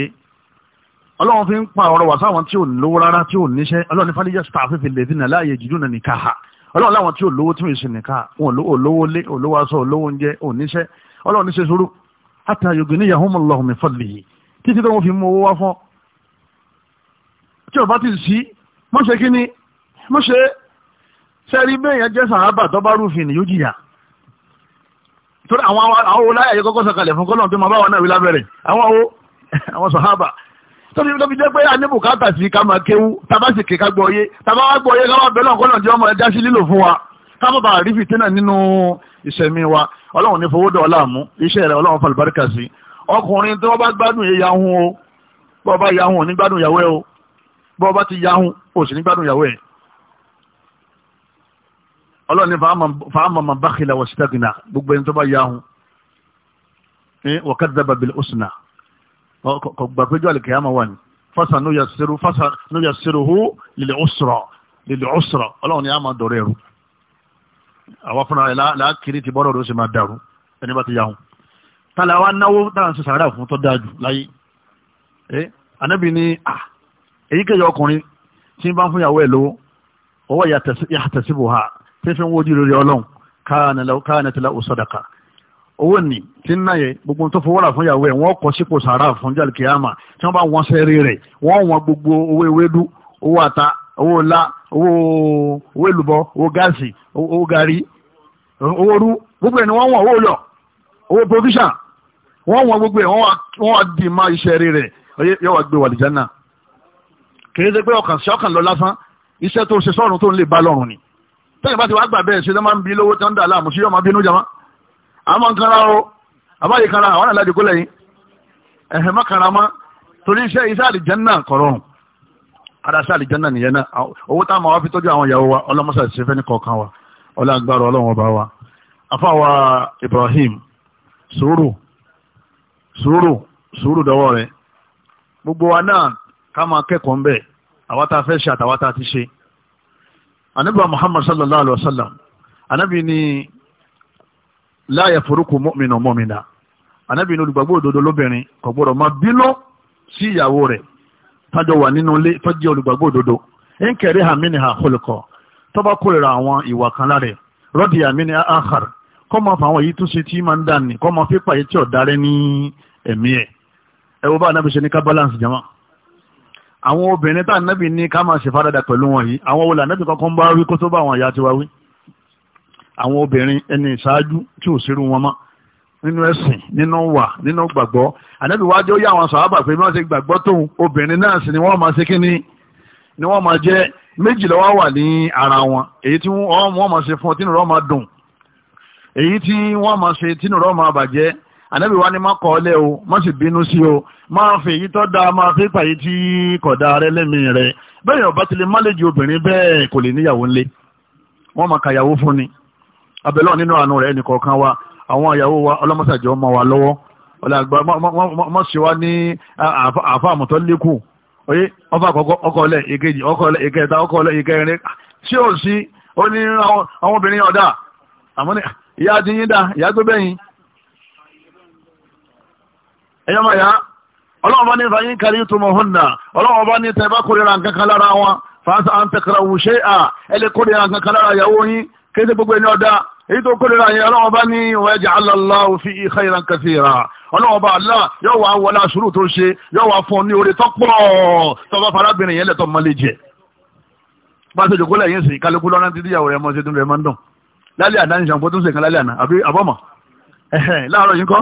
ọlọ́run fi ń pa ọ̀rọ̀ wà sáwọn tí ò lówó rárá tí ò níṣẹ́ ọlọ́run ní fálẹ̀ yà sàfẹ́fẹ́ lè dínà láàyè jìdú nà nìka ha ọlọ́run láwọn tí ò lówó tí ò sì nìka olówó lé olówó sẹ́rí bẹ́ẹ̀yàn jẹ́ sàhábà tó bá rúfin ni yóò jìyà torí àwọn àwọn oláyà yóò kọ́kọ́ sọ̀kalẹ̀ fún kọ́lọ̀ tó máa bá wọn náà wí lábẹ́rẹ̀ àwọn owó àwọn sàhábà tóbi tóbi jẹ́ pé àníbù káàtà sí ká máa kéwú tábà sì ké ká gbọ́ yé tábà wá gbọ́ yé ká wá bẹ́ẹ̀ náà kọ́lọ̀ jẹ́ ọmọ ẹja sí lílò fún wa káàbọ̀ bá rí fìtínà nínú ìṣẹ̀mí wa ọlọ́run ní fowó dọ̀ọ́lá mú iṣẹ́ rẹ̀ ọlọ́run falùbáríkà sí ọkùnrin tó bá gbádùn yé yahun o bọ́ọ̀ bá yahun ò ní gbádùn yàwó ẹ o bọ́ọ̀ bá ti yahun ò sì ní gbádùn yàwó ẹ̀ ọlọ́run ní fàámà man bakhila wastaghna gbogbo ẹni tó bá yahun wa kadhaba bil husna kò gbà péjọ àlìkèyàmà wà ní fasanuyassiru fasanuyassiruhu lil usra lil usra ọlọ́run ní a máa dọ̀rọ̀ ẹ̀rú àwọn fúnra rẹ̀ láàkiri ti bọ́rọ̀ ló sì máa dàrú ẹni bá ti yahun tala wa náwó dáhùn sí sàárà fún tó dájú láyé ẹ anábì ní à ah, ọkùnrin tí ń bá fún ìyàwó ẹ̀ lówó owó yàtẹ̀síbò ha tí fi ń wojú rere ọlọ́run káàna tí láwù sọ́dàkà owó ní tí ń náà yẹ gbogbo tó fowó rà fún ìyàwó ẹ̀ wọ́n kọ́ sípò sàárà fún jàlùkìyàmà tí wọ́n bá wọn sẹ́rí rẹ̀ wọ́n wọn gbogbo owó ewédú owó ata owó ọlá owó èlùbọ́ owó gáàsì owó gàrí owó rú gbogbo ẹ̀ ni wọ́n wọ̀n owó lọ owó provision wọ́n wọ̀n gbogbo ẹ̀ wọ́n wá dì má iṣẹ́ rí rẹ̀ yóò wá gbé wà lìjánà kì í ṣe pé ọkàn sí ọkàn lọ lásán iṣẹ́ tó ṣe sọ́run tó ń lè bá lọ́run ni tẹ́yìn bá ti wá gbà bẹ́ẹ̀ ṣe ló máa ń bi lówó tán dà láàmú sí ọmọ bínú jama àmọ́ nǹkan ra o àbáyé kan ra àwọn àlàdé kó lẹ́yìn ẹ̀hẹ̀ mọ́kànlá mọ́ torí iṣẹ́ iṣẹ́ àlìjẹ́nà kọ̀rọ̀hùn ara iṣẹ́ àlìjẹ́nà nìyẹn náà owó táwọn àwọn fi tọ́jú àwọn ìyàwó wa ọlọ́mọṣà ṣe fẹ́ ní kọ̀ọ̀kan wa ọlọ́gbàrọ̀ ọlọ́run ọba wa afáwa Ibrahim sùúrù sùúrù sùúrù dọwọ́ rẹ̀ gbogbo wa náà ká máa kẹ́kọ̀ọ́ ń bẹ̀ àwa fẹ́ ṣe àtàwa ti ṣe anábà muhammad sallallahu alaihi wasallam anábì ni láyà forúkú mọ́mìnà mọ́mìnà anábì ni olùgbàgbọ́ òdodo lóbìnrin kò gbọ́dọ̀ máa bínú sí ìyàwó rẹ̀ tájọ wà nínú ilé tó jẹ́ olùgbàgbọ́ òdodo ń kẹ̀rí hàmínì hà kólùkọ́ tó bá kórìíra àwọn ìwà kan lára rọ́dì hàmínì àhàr kọ́ máa fà àwọn èyí tó ṣe tí máa ń dà ní kọ́ máa fipá èyí tí ọ̀darẹ́ ní ẹ̀mí ẹ̀ ẹ̀ wọ́n bá anábì ṣe ní ká balance jama àwọn obìnrin tá nábì ní ká máa ṣèfaradà pẹ̀lú wọn yìí àwọn olè ànábì kankan ń bá wí kó tó bá àwọn àyà tiwa wí àwọn obìnrin ẹni ìṣáájú tí ò sírú wọn mọ́ nínú ẹ̀sìn nínú wà nínú gbàgbọ́ ànábì wájú ó yá àwọn sàábà pé bí wọ́n ṣe gbàgbọ́ tóun obìnrin náà sì ni wọ́n máa ṣe kíni ni wọ́n máa jẹ́ méjì ló wá wà ní ara wọn èyí tí wọ́n máa ṣe fún ọtí nìrọ̀ máa dùn èyí tí wọ́n máa ṣe tí nìrọ̀ máa bàjẹ́ ànábì wa ni má kọ́ ọlẹ́ o má sì bínú sí o máa fi èyí tó dáa máa fi pàyí tí kọ̀dá rẹ lẹ́mí rẹ bẹ́ẹ̀ ọba ti lè má lè ju obìnrin bẹ́ẹ̀ kò lè níyàwó ńlé wọ́n máa kàyàwó fún ni abẹ́lọ́ nínú àánú rẹ̀ ẹnìkọ̀ọ̀kan wa àwọn àyàwó wa ọlọ́mọsàjọ́ ọmọ wa lọ́wọ́ ọlọ́gbà mọ́síwá ní àfa àmọ̀tọ́ lékù oyé ọba àkọ́kọ́ ọkọ̀ọ̀lẹ̀ ìkejì ọkọ̀ọ̀lẹ̀ ìkẹta ọkọ̀ọ̀lẹ̀ ìkẹrin tí ó sí ó ní àwọn obìnrin ọ̀dà àmọ́ ìyá ti yín dá ìyá tó bẹ́yìn ẹ̀yọ́ máa yá ọlọ́run bá ní ìfàyín kárí túnmọ̀ hùnà ọlọ́run bá ní tẹ́ bá kórìíra nǹkan kan lára wọn fàáṣà à ń tẹ̀kọ̀rọ̀ wùṣẹ́ à ẹ lè kórìíra nǹkan kan lára ìyàwó yín kéde gbogbo ẹni ọ̀dà èyí tó kórìíra yẹn ọlọ́run bá ní waja'ala Allahu fihi khayran kathira ọlọ́run bá àlá yóò wá wọlé àṣùrù tó ṣe yóò wá fún ní orí tọ́pọ̀ tọ́ba farabìnrin yẹn lẹ́tọ̀ mọ́lẹ̀ jẹ láàárọ̀ yìí kọ́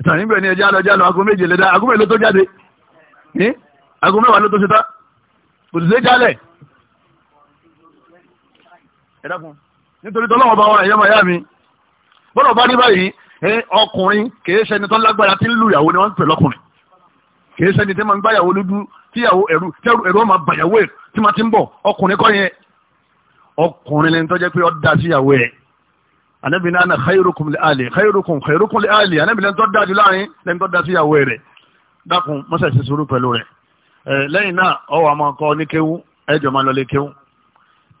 ìtàn níbẹ̀ ni ẹjẹ́ alọ́jálọ aago méje lẹ́dá aago mẹ́lẹ́ tó jáde ní aago mẹ́wàá ló tó ṣetá kò sì ṣe jálẹ̀ ẹ̀dàkùn nítorí tọ́lọ́wọ́ bá wọn ẹ̀yọ́mọ̀ yá mi bọ́lọ̀ bá ní báyìí ọkùnrin kìí ṣẹni tó lágbára tí ń lu ìyàwó ni wọ́n ń pè lọ́kùnrin kìí ṣẹni tí máa ń gbáyàwó lójú tíyàwó ẹ̀rù ẹ̀rù ọmọ bàyàwó ẹ̀ tí máa ti ń bọ̀ ọkùnrin kọ́ yẹn ọkùnrin lẹ́ni tó jẹ́ pé ó dá síyàwó ẹ̀ anabi náà khairukum li ali khairukum khairukum li ali anabi lẹ́ni tó dáa jù láàrin lẹ́ni tó dáa síyàwó rẹ̀ dákun mọ́sá ṣe sùúrù pẹ̀lú rẹ̀ lẹ́yìn náà ọwọ́ àmọ́ kọ́ ní kéwú ẹjọ́ máa lọlé kéwú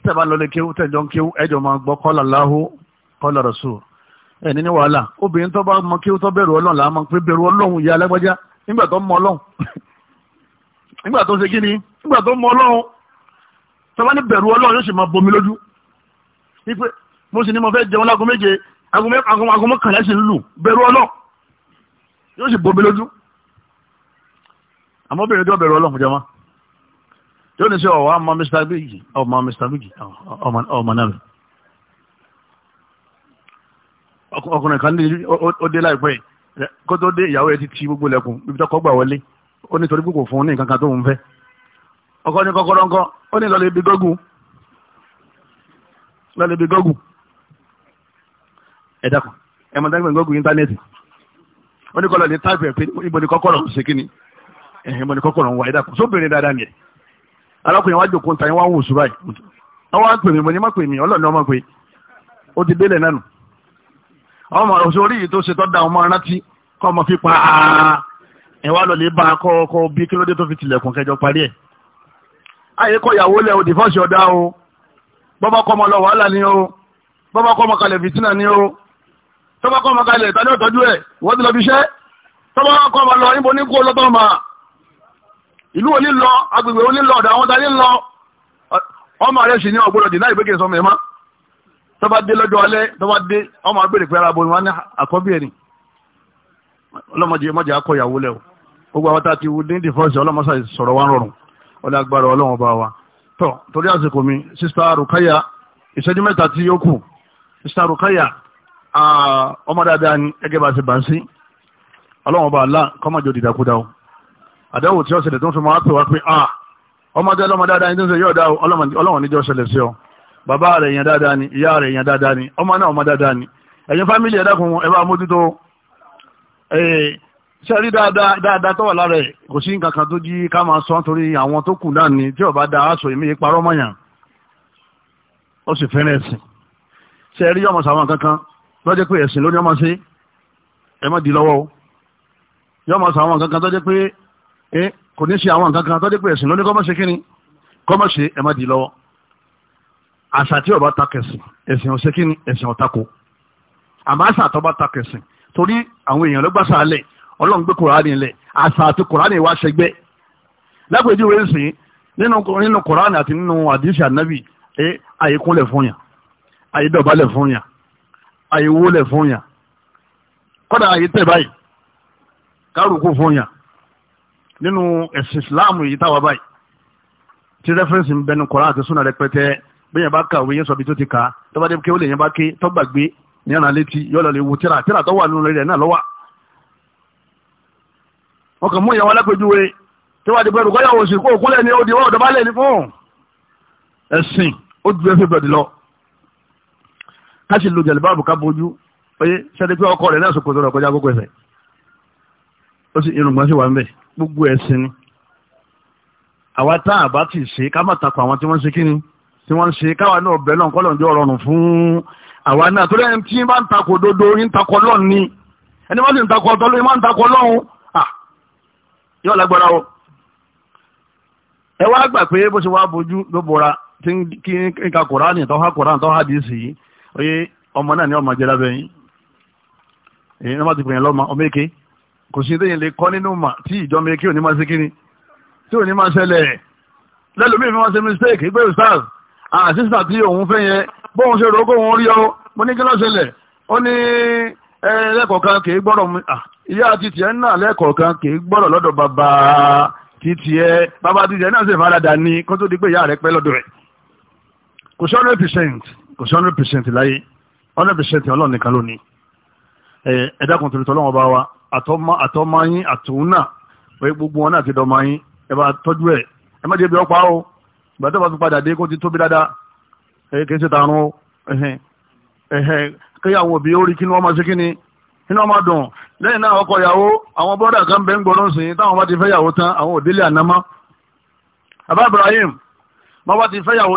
tẹ́ bá lọlé kéwú tẹ́jọ́ ń kéwú ẹjọ́ máa gbọ́ kọ́là láhú kọ́là rasul ẹ̀ ní ní wàhálà obìnrin tó bá mọ kéwú tó bẹ̀rù ọlọ́run làá mọ pé bẹ̀rù ọlọ́run ìyá alágbájá nígbà tó mọ ọlọ́run nígbà tó ṣe mo sì ní mo fẹ́ jẹun lágún méje agun mọ́kànlá sì ń lù bẹ̀rù ọlọ́ yóò sì bomi lójú àmọ́ obìnrin tó bẹ̀rù ọlọ́run jẹma tí ó ní sí ọ̀wọ́ ọmọ Mr. Biggy ọmọ Mr. Biggy ọmọ náà ọkùnrin kan ní ó dé láìpẹ́ kó tó dé ìyàwó ẹ ti ti gbogbo lẹ́kùn ibi tó kọ́gbà wọlé ó ní torí kò fún ní nǹkan kan tó ń fẹ́ ọkọ ní kọ́kọ́rọ́ ńkọ́ ó ní lọ́lẹ̀ ibi gọ́gùn lọ́lẹ̀ ibi gọ́gùn ẹ dákun ẹ mọ dákun gbọ́gbọ́ íńtánẹ́ẹ̀tì wọ́n ní kọ́lọ̀ ní táìpù ẹ̀ pé ibo ni kọ́kọ́rọ̀ ń ṣe kíni ẹ̀hìn ibo ni kọ́kọ́rọ̀ ń wá ẹ dákun sóbìnrin dáadáa ni ẹ̀ alákùnrin wájú òkú ntàn wá ń wò sùúrà yìí wọ́n wá ń pè mí mo ní má pè mí ọlọ́ọ̀ni ọmọ pé ó ti délẹ̀ nánu ọmọ òṣèré yìí tó ṣe tọ́da ọmọ rántí kọ́ ọmọ fi pa ẹ̀ wá lọ lè bá kọ́ bí kílódé tó fi tilẹ̀kùn kẹjọ parí ẹ̀ ayé kọ́ ìyàwó lẹ̀ òdì fọ́ọ̀ṣì ọ̀dá o bọ́bá kọ́ ọmọ lọ wàhálà ni o bọ́bá kọ́ ọmọ kalẹ̀ fìtínà ni o tọ́ba kọ́ ọmọ kalẹ̀ tani ọ̀tọ́jú ẹ̀ wọ́n ti lọ fi iṣẹ́ tọ́ba kọ́ ọmọ lọ níbo ní kú ọlọ́tọ́ ọmọ ìlú òní agbègbè òní ọ̀dà àwọn tani ọmọ rẹ̀ sì ní ọ̀gbọ́dọ̀ dì náà ìgbékè sọmọ ẹ̀ má tọ́ba dé lọ́jọ́ alẹ́ tọ́ba dé ọmọ agbèrè pé ara bo ni wọ́n ní àkọ́bí ẹ̀ ni ọlọ́mọdé mọ́jà akọ ìyàwó lẹ̀ o gbogbo àwọn tá a ti wú ní dìfọ́sì ọlọ́mọsà sọ̀rọ̀ wa rọrùn ọlọ́gbàrà ọlọ́wọ́n bá wa tọ́ torí Rukaya ìṣẹ́jú mẹ́ta tí yóò kù Rukaya ọmọ dáadáa ni ẹgẹ́ bá ṣe bá ń sí ọlọ́run bá lá kọ́mọ̀jọ dìdàkúdà o àdáwò tí ó ṣẹlẹ̀ tó ń fi máa pè wá pé a ọmọ dáadáa ọmọ dáadáa ni tó ń ṣe yóò dá ọlọ́run níjọ́ ṣẹlẹ̀ sí ọ bàbá rẹ̀ èèyàn dáadáa ni ìyá rẹ̀ èèyàn dáadáa ni ọmọ náà ọmọ dáadáa ni ẹ̀yin fámìlì ẹ̀dá kun bá mójútó ṣe rí dáadáa tó wà lára ẹ̀ kò sí nǹkan tó jí ká máa sọ nítorí àwọn tó kù náà ni tí ọba da aṣọ ìmí parọ́ mọ̀yàn ó sì fẹ́rẹ̀ ẹ̀sìn ṣe rí ọmọ sàwọn kankan lọ́jẹ́ pé ẹ̀sìn lóní ọmọ sí ẹ má di lọ́wọ́ o yọ ọmọ sọ àwọn nǹkan kan tọ́jẹ́ pé ẹ kò ní ṣe àwọn nǹkan kan tọ́jẹ́ pé ẹ̀sìn lóní kọ́mọ̀ ṣe kíni kọ́mọ̀ ṣe ẹ má di lọ́wọ́ àṣà tí ọba ta kẹsìn ẹ̀sìn ọ̀ṣẹ́ kíni ẹ̀sìn ọ̀tako àmọ́ àṣà tó bá ta kẹsìn torí àwọn èèyàn ló gbàṣà alẹ̀ ọlọ́run gbé kùránì lẹ̀ àṣà àti kùránì wá ṣẹgbẹ́ lápèjúwe ń àyè wólẹ̀ fún yàn kọ́dà àyè tẹ̀ báyìí kárùkù fún yàn nínú ẹ̀sìn ìsìláàmù yìí táwa báyìí tí rẹ́fẹ́rẹ́nsì ń bẹnu kọ́ra àti súnà rẹpẹtẹ bẹ́ẹ̀ yẹn bá kàwé yẹn sọ bí tó ti kà tọ́ba dé kí ó lè yẹn bá ké tọ́gbàgbé ní ọ̀nà létí yọ lè wo tíra tíra tó wà nínú rẹ̀ náà lọ́wọ́ wọn mú ìyàwó alápèjúwe tí wàá di pẹ́ẹ́rù kọ́yàwó sí kó òkúlẹ̀ ni ó di wọ́n ọ̀dọ́bálẹ̀ ni fún ẹ̀sìn ó ju ẹ̀fẹ́ ká sì lo jẹ̀lúbáàbù ká bojú oye sẹ́ni pé ọkọ rẹ̀ náà sọ kòtò rẹ̀ kọjá gbogbo ẹ̀sẹ̀ ó sì irùngbọ̀n sì wà ń bẹ̀ gbogbo ẹ̀sìn ni àwa tá a bá ti ṣe ká má takò àwọn tí wọ́n ṣe kí ni tí wọ́n ṣe káwa náà bẹ̀ lọ́n kọ́ lọ́njọ́ rọrùn fún àwa náà torí ẹni tí bá ń takò dodo orí ń takò ni ẹni wọ́n sì ń takò ọ̀tọ́ lórí máa ń takò lọ́hùn oyé ọmọ náà ni ọmọ jẹ lábẹ́ yín èyí ni wọ́n ti pèyàn lọ́mọ ọmọ èké kò sí déyìn lè kọ́ nínú mà tí ìjọ ọmọ èké òní máa ṣe kíni tí òní máa ṣẹlẹ̀ lẹ́lòmíì fi wọ́n ṣe mistake pé stars àṣìṣà tí òun fẹ́ yẹn bóun ṣe rògbò òun rí ọ mo ní kí ló ṣẹlẹ̀ ó ní lẹ́kọ̀ọ̀kan kì í gbọ́dọ̀ ìyá àti tiẹ̀ náà lẹ́kọ̀ọ̀kan kì í gbọ́dọ̀ lọ́dọ̀ bàbá ti tiẹ̀ bàbá ti tiẹ̀ náà sì farada ní kó tó di pé ìyá rẹ̀ pẹ́ lọ́dọ̀ rẹ̀ kò sí hundred percent kò sí hundred percent láyé hundred percent ọlọ́run nìkan ló ní ẹ dákun torí tọ́lọ́wọ́n bá wa àtọ́máyín àtòun náà wọ́n gbogbo wọn náà ti dọ̀ máyín ẹ bá tọ́jú ẹ̀ ẹ má jẹ́ bí ọ̀pá o ìgbà tó bá tún padà dé kó ti tóbi dáadáa ẹ kì í ṣe tààrùn o kéyàwó òbí ó rí kí ni wọ́n máa ṣe kí ni kí ni wọ́n máa dùn lẹ́yìn náà ọkọ ìyàwó àwọn bọ́dà kan bẹ́ ń gbọ́dọ̀ sìn táwọn bá ti fẹ́ Ibrahim bá bá ti fẹ́ yàwó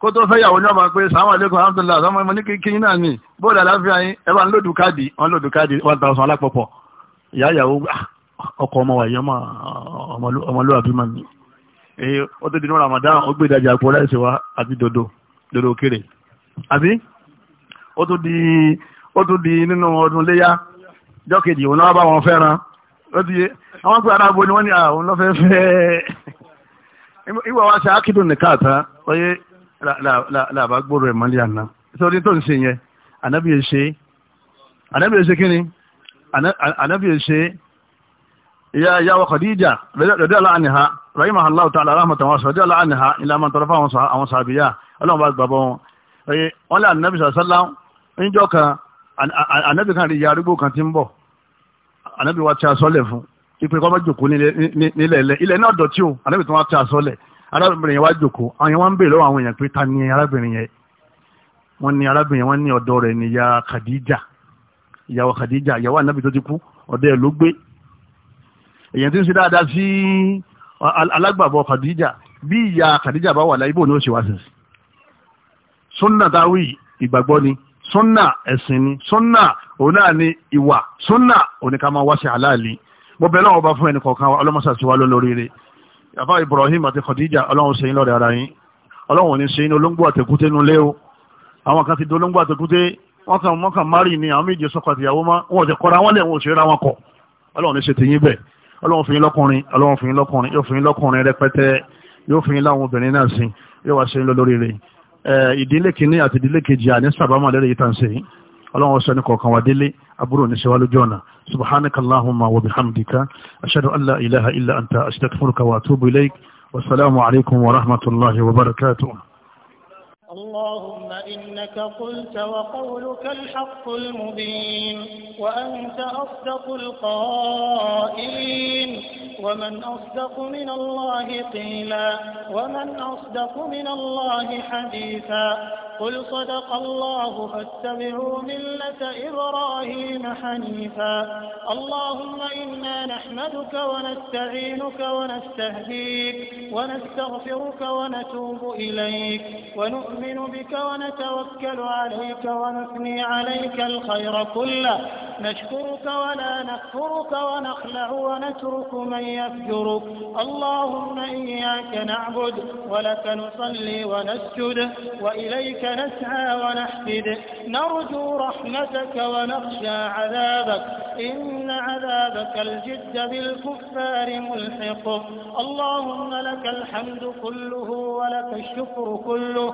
kó tó fẹ́ yàwó ní ọmọ pé sàmà lẹ́kọ̀ọ́ alhamdulilah sàmà ìmọ̀ ní kíkí náà ni bóòdà láfíà yín ẹbà ń lòdù káàdì wọn lòdù káàdì one thousand alápọ̀pọ̀ ìyá ìyàwó ah, ọkọ ọmọ wàyí ọmọlúwàbí mà mí èyí ó tó di ní Ramadan ó gbé ìdajì àpò láìsí wa àti dodo dodo kéré àbí ó tó di ó tó di nínú ọdún léyà jọ́kejì òun náà bá wọn fẹ́ràn ó ti àwọn pé aráàbò ni wọ́n ní àwọn ah, làbá gbòòrò ẹ̀ mọ́lẹ̀ àná sọ́dí tó ń ṣe yẹn ànábì yẹn ṣe ànábì yẹn ṣe kí ni ànábì yẹn ṣe ìyá ìyá wa rahimah allah ta'ala rahmatan wa sọ̀rọ̀dí aláàníhà ilẹ̀ amọ̀tọ̀rọ̀fà àwọn sàbíyà ọlọ́run bá gbàbọ̀ wọn wọ́n lé ànábì sàṣálá níjọ́ kan ànábì kan rí ìyá arúgbó kan ti ń bọ̀ ànábì wa ti aṣọ́lẹ̀ fún ipe kọ́ nílẹ̀ ilẹ̀ náà dọ̀tí o ànábì tó wá ti aṣọ́lẹ̀ arábìnrin yẹn wá jòkó àwọn yẹn wá ń bèèrè lọ́wọ́ àwọn èèyàn pé ta ni arábìnrin yẹn wọ́n ní arábìnrin yẹn wọ́n ní ọ̀dọ́ rẹ̀ ní ìyá Khadija ìyàwó Khadija ìyàwó ànábì tó ti kú ọ̀dọ́ ẹ̀ ló gbé èèyàn tí ń ṣe dáadáa sí alágbàbọ̀ Khadija bí ìyá Khadija bá wà láyé bò ní ó ṣe sẹ̀sì sunna táwí ìgbàgbọ́ ni sunna ẹ̀sìn ni sunna òun náà ni ìwà sunna òun ni ká máa wá sí àlàálì mo bẹ̀ náà ọba fún ẹnì kọ̀ọ̀kan ọlọ́mọṣàṣìwá lórí àfá Ibrahim àti Khadija ọlọ́run ṣe yín lọ́rẹ̀ ara yín ọlọ́run ní ṣe yín olóńgbò àtẹ̀kúté nú lé o àwọn kan ti di olóńgbò àtẹ̀kúté wọ́n kàn wọ́n kàn márì ní àwọn méje sọ́kọ àtìyàwó má wọ́n ti kọ́ra wọ́n lẹ̀ wọ́n ṣe ra wọn kọ̀ ọlọ́run ní ṣe ti yín bẹ̀ ọlọ́run fi yín lọ́kùnrin ọlọ́run fi yín lọ́kùnrin yóò fi yín lọ́kùnrin rẹpẹtẹ yóò fi yín láwọn obìnrin náà sí yóò wá ṣe lọ lórí rẹ̀ ìdílé kìíní àti ìdílé kejì àní ọlọ́run sọ ní kọ̀ọ̀kan wà délé àbúrò ní ṣe wá lójú ọ̀nà subhanakallahumma wa bihamdika ashhadu an la ilaha illa anta astaghfiruka wa atubu ilayk wasalaamu alaykum wa rahmatullahi wa barakatuh اللهم إنك قلت وقولك الحق المبين وأنت أصدق القائلين ومن أصدق من الله قيلا ومن أصدق من الله حديثا قل صدق الله فاتبعوا ملة إبراهيم حنيفا اللهم إنا نحمدك ونستعينك ونستهديك ونستغفرك ونتوب إليك ونؤمن نؤمن بك ونتوكل عليك ونثني عليك الخير كله نشكرك ولا نكفرك ونخلع ونترك من يفجرك اللهم إياك نعبد ولك نصلي ونسجد وإليك نسعى ونحفد نرجو رحمتك ونخشى عذابك إن عذابك الجد بالكفار ملحق اللهم لك الحمد كله ولك الشكر كله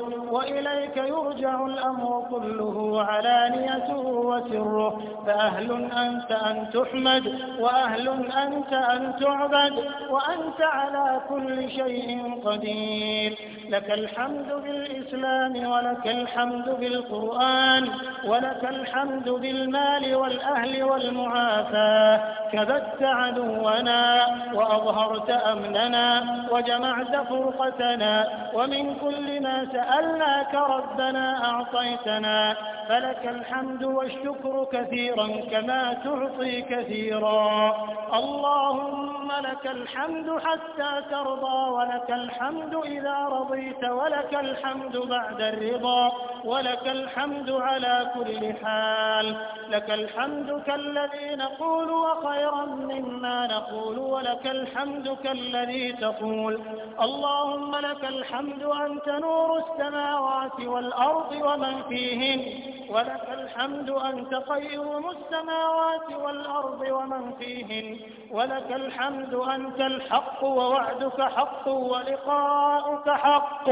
وإليك يرجع الأمر كله علانيته وسره فأهل أنت أن تحمد وأهل أنت أن تعبد وأنت على كل شيء قدير لك الحمد بالإسلام ولك الحمد بالقرآن ولك الحمد بالمال والأهل والمعافاة كبدت عدونا وأظهرت أمننا وجمعت فرقتنا ومن كل ما سألنا سبحانك ربنا أعطيتنا فلك الحمد والشكر كثيرا كما تعطي كثيرا اللهم ولك الحمد حتى ترضى ولك الحمد إذا رضيت ولك الحمد بعد الرضا ولك الحمد على كل حال لك الحمد كالذي نقول وخيرا مما نقول ولك الحمد كالذي تقول اللهم لك الحمد أنت نور السماوات والأرض ومن فيهن ولك الحمد أنت قيوم السماوات والأرض ومن فيهن ولك الحمد أنت الحق ووعدك حق ولقاؤك حق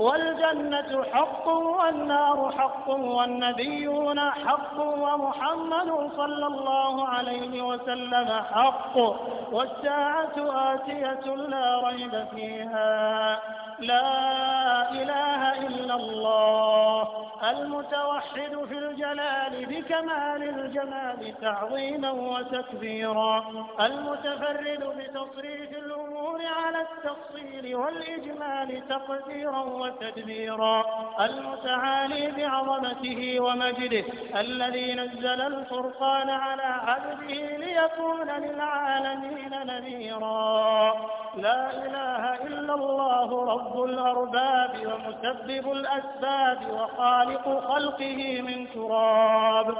والجنة حق والنار حق والنبيون حق ومحمد صلى الله عليه وسلم حق والساعة آتية لا ريب فيها لا إله إلا الله المتوحد في الجلال بكمال الجمال تعظيما وتكبيرا المتفرد بتصريف الأمور على التفصيل والإجمال تقديرا وتدبيرا المتعالي بعظمته ومجده الذي نزل الفرقان على عبده ليكون للعالمين نذيرا لا إله إلا الله رب رب الأرباب ومسبب الأسباب وخالق خلقه من تراب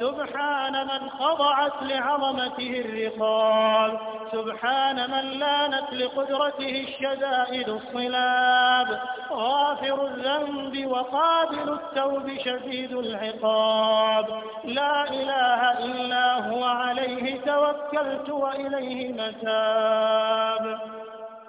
سبحان من خضعت لعظمته الرقاب سبحان من لانت لقدرته الشدائد الصلاب غافر الذنب وقابل التوب شديد العقاب لا إله إلا هو عليه توكلت وإليه متاب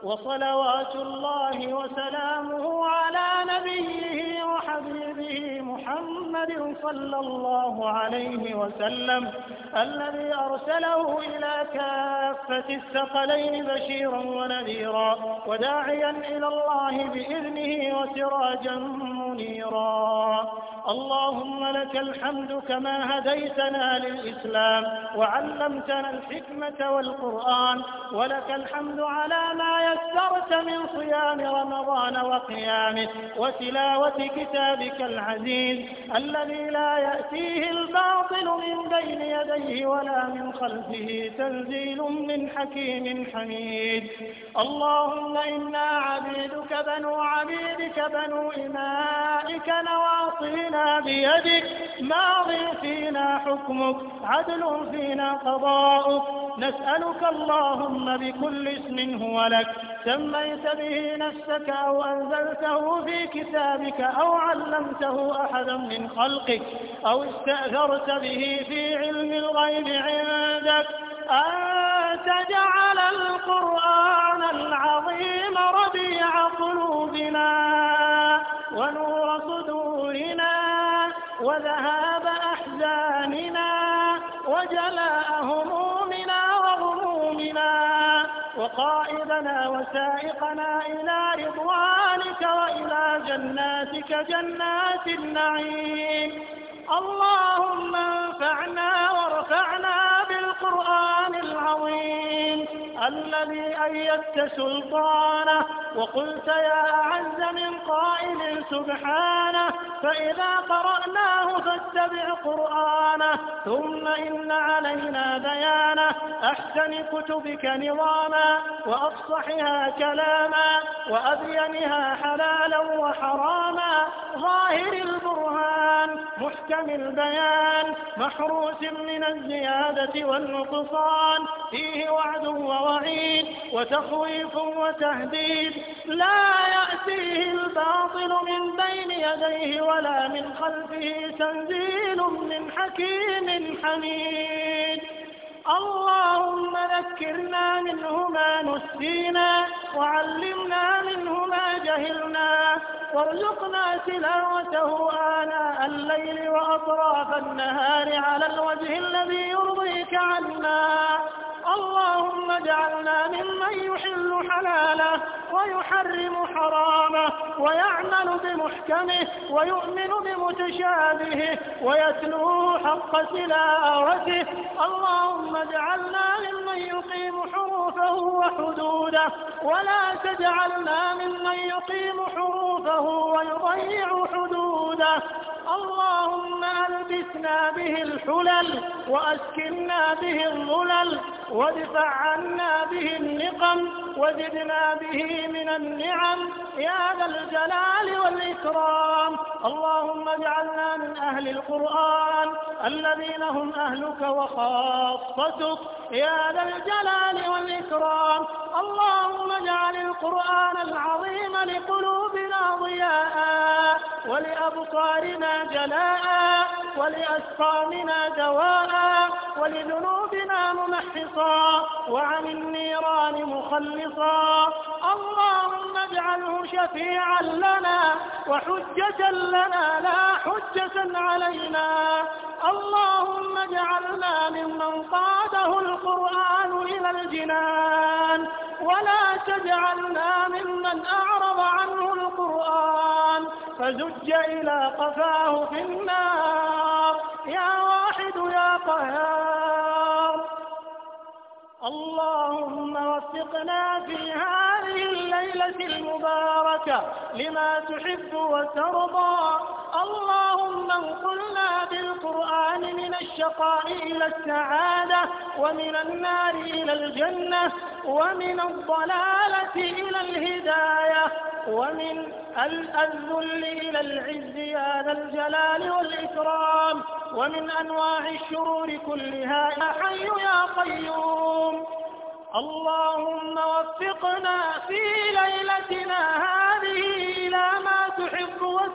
وصلوات الله وسلامه على نبيه وحبيبه محمد صلى الله عليه وسلم الذي أرسله إلى كافة الثقلين بشيرا ونذيرا وداعيا إلى الله بإذنه وسراجا منيرا اللهم لك الحمد كما هديتنا للإسلام وعلمتنا الحكمة والقرآن ولك الحمد على ما يسرت من صيام رمضان وقيامه وتلاوة كتابك العزيز الذي لا يأتيه الباطل من بين يديه ولا من خلفه تنزيل من حكيم حميد اللهم إنا عبيدك بنو عبيدك بنو إمائك نواصينا بيدك ماض فينا حكمك عدل فينا قضاؤك نسألك اللهم بكل اسم هو لك سميت به نفسك أو أنزلته في كتابك أو علمته أحدا من خلقك أو استأثرت به في علم الغيب عندك أن تجعل القرآن العظيم ربيع قلوبنا ونور صدورنا وذهاب أحزاننا وجلاء همومنا وغمومنا وقائدنا وسائقنا إلى رضوانك وإلى جناتك جنات النعيم اللهم انفعنا وارفعنا القرآن العظيم الذي أيدت سلطانه وقلت يا أعز من قائل سبحانه فإذا قرأناه فاتبع قرآنه ثم إن علينا بيانه أحسن كتبك نظاما وأفصحها كلاما وأبينها حلالا وحراما ظاهر البرهان محكم البيان محروس من الزيادة والنقصان فيه وعد ووعيد وتخويف وتهديد لا يأتيه الباطل من بين يديه ولا من خلفه تنزيل من حكيم حميد اللهم ذكرنا منه ما نسينا وعلمنا منه ما جهلنا وارزقنا تلاوته آناء الليل وأطراف النهار على الوجه الذي يرضيك عنا اللهم اجعلنا ممن يحل حلاله ويحرم حرامه ويعمل بمحكمه ويؤمن بمتشابهه ويتلوه حق تلاوته اللهم اجعلنا ممن يقيم حروفه وحدوده ولا تجعلنا ممن يقيم حروفه ويضيع حدوده اللهم ألبسنا به الحلل وأسكنا به الظلل وادفع عنا به النقم وزدنا به من النعم يا ذا الجلال والإكرام اللهم اجعلنا من أهل القرآن الذين هم أهلك وخاصتك يا ذا الجلال والإكرام اللهم اجعل القرآن العظيم لقلوبنا ضياءً ولأبصارنا جلاء ولأسقامنا دواء ولذنوبنا ممحصا وعن النيران مخلصا اللهم اجعله شفيعا لنا وحجة لنا لا حجة علينا اللهم اجعلنا ممن قاده القرآن إلى الجنان ولا تجعلنا ممن أعرض عنه القرآن فزج إلى قفاه في النار يا واحد يا قهار اللهم وفقنا في هذه الليلة المباركة لما تحب وترضى اللهم انقلنا بالقرآن من الشقاء إلى السعادة ومن النار إلى الجنة ومن الضلالة إلى الهداية ومن الذل إلى العز يا ذا الجلال والإكرام ومن أنواع الشرور كلها يا حي يا قيوم اللهم وفقنا في ليلتنا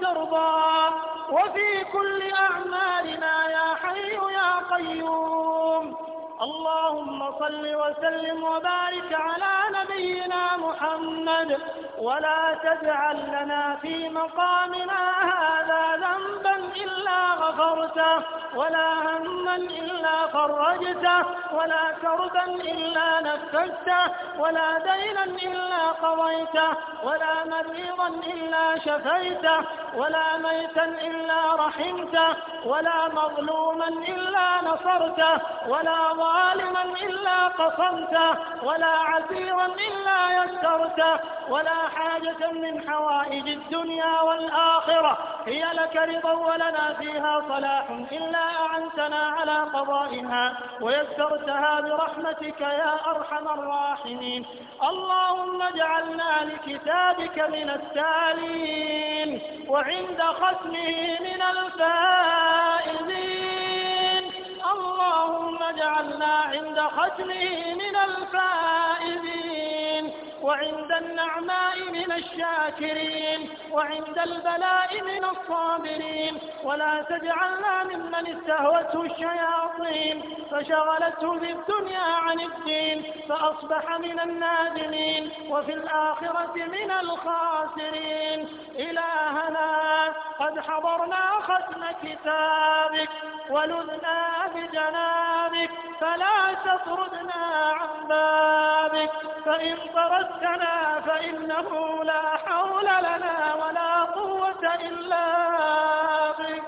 ترضى وفي كل أعمالنا يا حي يا قيوم اللهم صل وسلم وبارك على نبينا محمد ولا تجعل لنا في مقامنا هذا ذنبا إلا غفرته ولا هما إلا فرجته ولا كربا إلا نفسته ولا دينا إلا قضيته ولا مريضا إلا شفيته ولا ميتا إلا رحمته ولا مظلوما إلا نصرته ولا ظالما إلا قصمته ولا عسيرا إلا يسرته ولا حاجة من حوائج الدنيا والآخرة هي لك رضا ولنا فيها صلاح إلا أعنتنا على قضائها ويسرتها برحمتك يا أرحم الراحمين اللهم اجعلنا لكتابك من التالين وعند خصمه من الفائزين اللهم اجعلنا عند خصمه من الفائزين وعند النعماء من الشاكرين وعند البلاء من الصابرين ولا تجعلنا ممن استهوته الشياطين فشغلته بالدنيا عن الدين فأصبح من النادمين وفي الآخرة من الخاسرين إلهنا قد حضرنا ختم كتابك ولذنا بجنابك فلا تطردنا عن بابك فإن طردتنا فإنه لا حول لنا ولا قوة إلا بك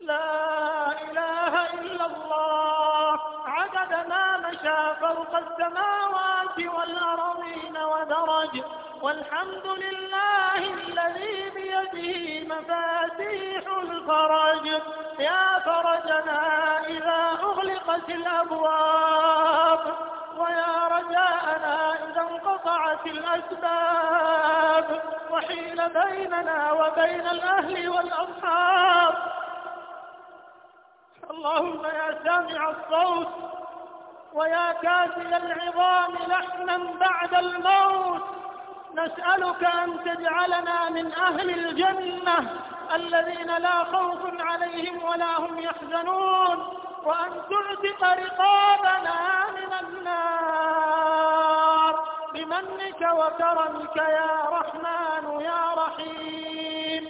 لا إله إلا الله عدد ما مشى فوق السماوات والأرضين ودرج والحمد لله الذي بيده مفاتيح الفرج يا فرجنا إذا أغلقت الأبواب ويا رجاءنا إذا انقطعت الأسباب وحيل بيننا وبين الأهل والأصحاب اللهم يا سامع الصوت ويا كاسل العظام لحما بعد الموت نسألك أن تجعلنا من أهل الجنة الذين لا خوف عليهم ولا هم يحزنون وأن تعتق رقابنا من النار بمنك وكرمك يا رحمن يا رحيم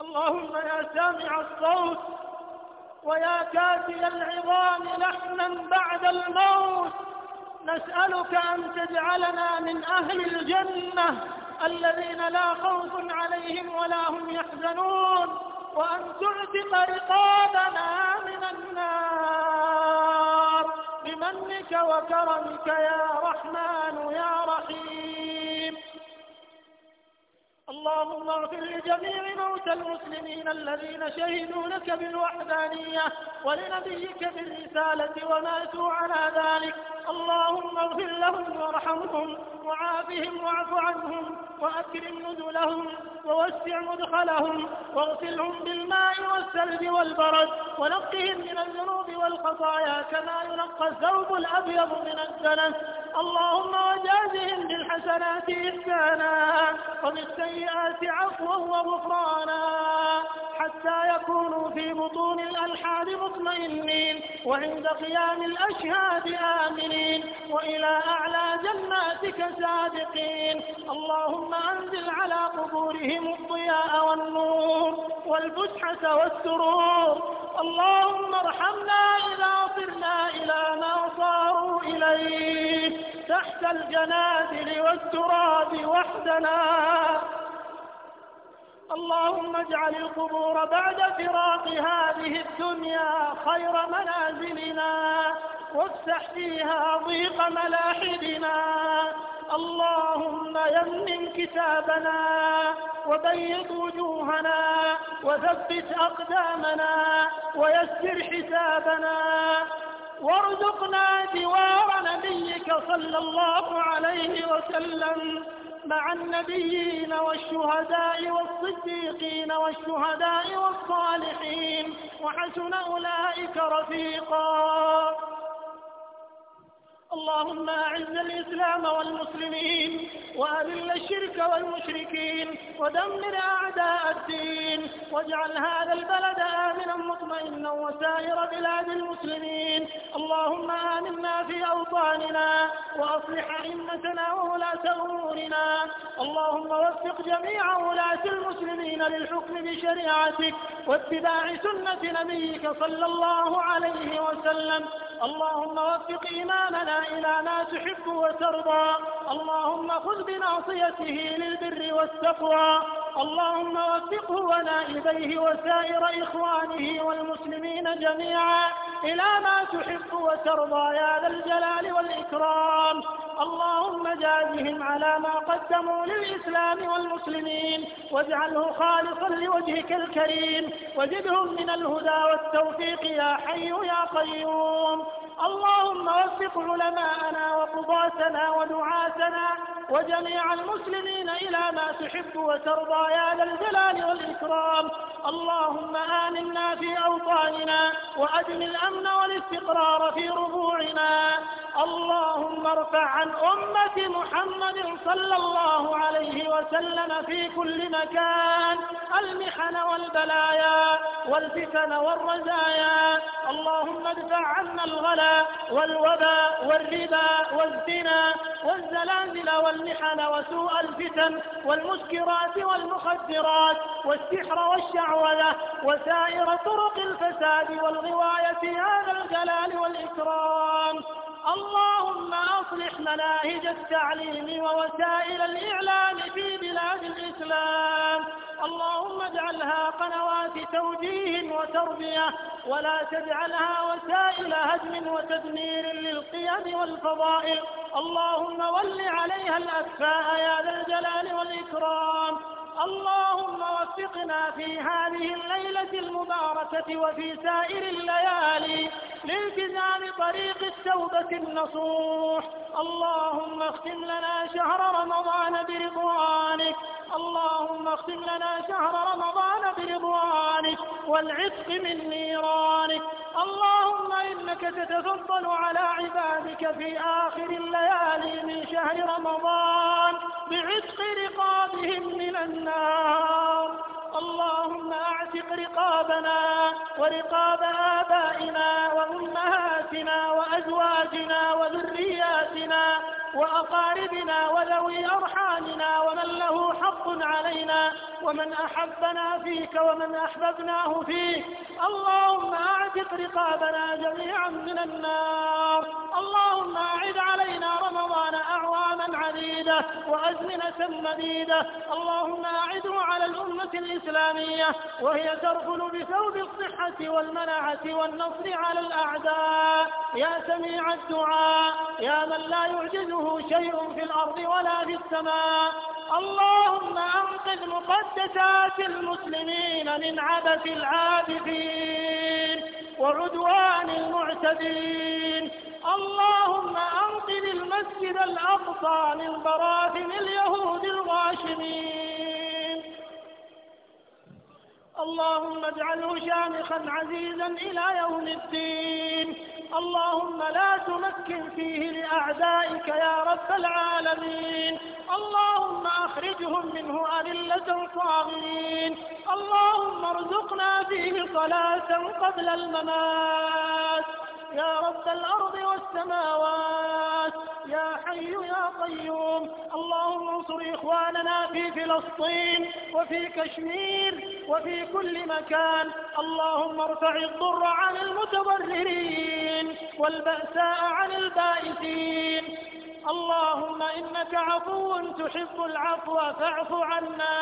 اللهم يا سامع الصوت ويا كافي العظام لحنا بعد الموت نسألك أن تجعلنا من أهل الجنة الذين لا خوف عليهم ولا هم يحزنون وأن تعتق رقابنا من النار بمنك وكرمك يا رحمن يا رحيم اللهم اغفر لجميع موتى المسلمين الذين شهدوا لك بالوحدانية ولنبيك بالرسالة وماتوا على ذلك اللهم اغفر لهم وارحمهم وعافهم واعف عنهم وأكرم نزلهم ووسع مدخلهم واغسلهم بالماء والثلج والبرد ونقهم من الذنوب والخطايا كما ينقى الثوب الأبيض من الدنس اللهم وجازهم بالحسنات إحسانا وبالسيئات عفوا وغفرانا حتى يكونوا في بطون الألحاد مطمئنين وعند قيام الأشهاد آمنين وإلى أعلى جناتك سابقين اللهم أنزل على قبورهم الضياء والنور والفسحة والسرور اللهم ارحمنا إذا صرنا إلى ما صاروا إليه تحت الجنادل والتراب وحدنا اللهم اجعل القبور بعد فراق هذه الدنيا خير منازلنا وافسح فيها ضيق ملاحدنا اللهم يمن كتابنا وبيض وجوهنا وثبت أقدامنا ويسر حسابنا وارزقنا جوار نبيك صلى الله عليه وسلم مع النبيين والشهداء والصديقين والشهداء والصالحين وحسن أولئك رفيقا اللهم أعز الإسلام والمسلمين وأذل الشرك والمشركين ودمر أعداء الدين واجعل هذا البلد آمنا مطمئنا وسائر بلاد المسلمين اللهم آمنا في أوطاننا وأصلح أئمتنا وولاة أمورنا اللهم وفق جميع ولاة المسلمين للحكم بشريعتك واتباع سنة نبيك صلى الله عليه وسلم اللهم وفق إمامنا إلى ما تحب وترضى اللهم خذ بناصيته للبر والتقوى اللهم وفقه ونائبيه وسائر إخوانه والمسلمين جميعا إلى ما تحب وترضى يا ذا الجلال والإكرام اللهم جازهم على ما قدموا للإسلام والمسلمين واجعله خالصا لوجهك الكريم وزدهم من الهدى والتوفيق يا حي يا قيوم اللهم وفق علماءنا وقضاتنا ودعاتنا وجميع المسلمين إلى ما تحب وترضى يا ذا الجلال والإكرام اللهم آمنا في أوطاننا وأدم الأمن والاستقرار في ربوعنا اللهم ارفع عن أمة محمد صلى الله عليه وسلم في كل مكان المحن والبلايا والفتن والرزايا اللهم ادفع عنا الغلا والوباء والربا والزنا والزلازل والمحن وسوء الفتن والمسكرات والمخدرات والصراط والسحر والشعوذة وسائر طرق الفساد والغواية في هذا الجلال والإكرام اللهم أصلح مناهج التعليم ووسائل الإعلام في بلاد الإسلام اللهم اجعلها قنوات توجيه وتربية ولا تجعلها وسائل هدم وتدمير للقيم والفضائل اللهم ول عليها الأكفاء يا ذا الجلال والإكرام اللهم وفقنا في هذه الليلة المباركة وفي سائر الليالي لالتزام طريق التوبة النصوح اللهم اختم لنا شهر رمضان برضوانك اللهم اختم لنا شهر رمضان برضوانك والعتق من نيرانك اللهم إنك تتفضل على عبادك في آخر الليالي من شهر رمضان بعتق رقابهم من النار اللهم اعتق رقابنا ورقاب آبائنا وأمهاتنا وأزواجنا وذرياتنا وأقاربنا وذوي أرحامنا ومن له حق علينا ومن أحبنا فيك ومن أحببناه فيك اللهم أعتق رقابنا جميعا من النار اللهم أعد علينا رمضان أعواما عديدة وأزمنة مديدة اللهم أعده على الأمة الإسلامية وهي ترفل بثوب الصحة والمنعة والنصر على الأعداء يا سميع الدعاء يا من لا يعجزه يضره شيء في الأرض ولا في السماء اللهم أنقذ مقدسات المسلمين من عبث العابثين وعدوان المعتدين اللهم أنقذ المسجد الأقصى من براثم اليهود الغاشمين اللهم اجعله شامخا عزيزا إلى يوم الدين اللهم لا تمكن فيه لأعدائك يا رب العالمين اللهم أخرجهم منه أذلة صاغرين اللهم ارزقنا فيه صلاة قبل الممات يا رب الأرض والسماوات يا حي يا قيوم اللهم انصر إخواننا في فلسطين وفي كشمير وفي كل مكان اللهم ارفع الضر عن المتضررين والبأساء عن البائسين اللهم إنك عفو تحب العفو فاعف عنا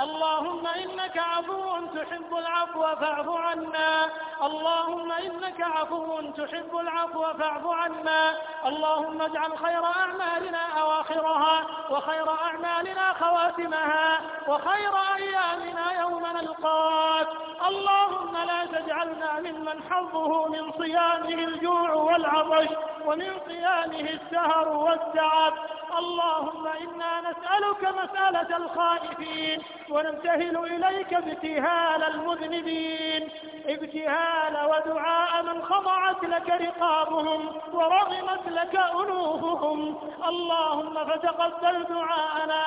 اللهم إنك عفو تحب العفو فاعف عنا اللهم إنك عفو تحب العفو فاعف عنا اللهم اجعل خير أعمالنا أواخرها وخير أعمالنا خواتمها وخير أيامنا يوم نلقاك اللهم لا تجعلنا ممن حظه من صيامه الجوع والعطش ومن قيامه السهر والتعب اللهم إنا نسألك مسألة الخائفين ونمتهل إليك ابتهال المذنبين ابتهال ودعاء من خضعت لك رقابهم ورغمت لك أنوفهم اللهم فتقبل دعاءنا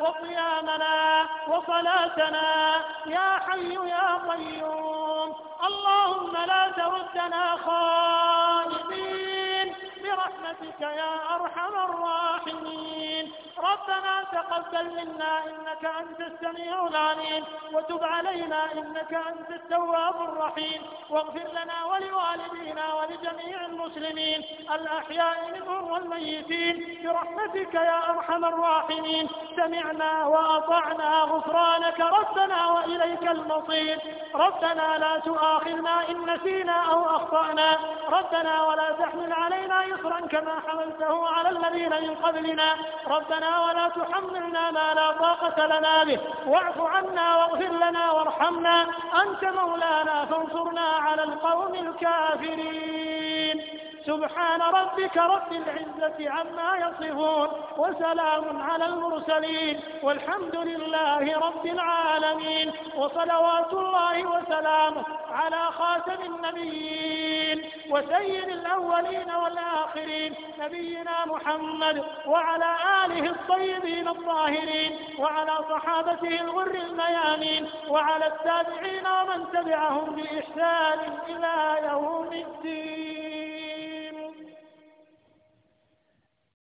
وصيامنا وصلاتنا يا حي يا قيوم اللهم لا تردنا خائفين برحمتك يا أرحم الراحمين ربنا تقبل منا إنك أنت السميع العليم وتب علينا إنك أنت التواب الرحيم واغفر لنا ولوالدينا ولجميع المسلمين الأحياء منهم والميتين برحمتك يا أرحم الراحمين سمعنا وأطعنا غفرانك ربنا وإليك المصير ربنا لا تؤاخذنا إن نسينا أو أخطأنا ربنا ولا تحمل علينا إصرا كما حملته على الذين من قبلنا رب ربنا ولا تحملنا ما لا طاقة لنا به واعف عنا واغفر لنا وارحمنا أنت مولانا فانصرنا على القوم الكافرين سبحان ربك رب العزة عما يصفون وسلام على المرسلين والحمد لله رب العالمين وصلوات الله وسلامه على خاتم النبيين وسيد الأولين والآخرين نبينا محمد وعلى آله الطيبين الطاهرين وعلى صحابته الغر الميامين وعلى التابعين ومن تبعهم بإحسان إلى يوم الدين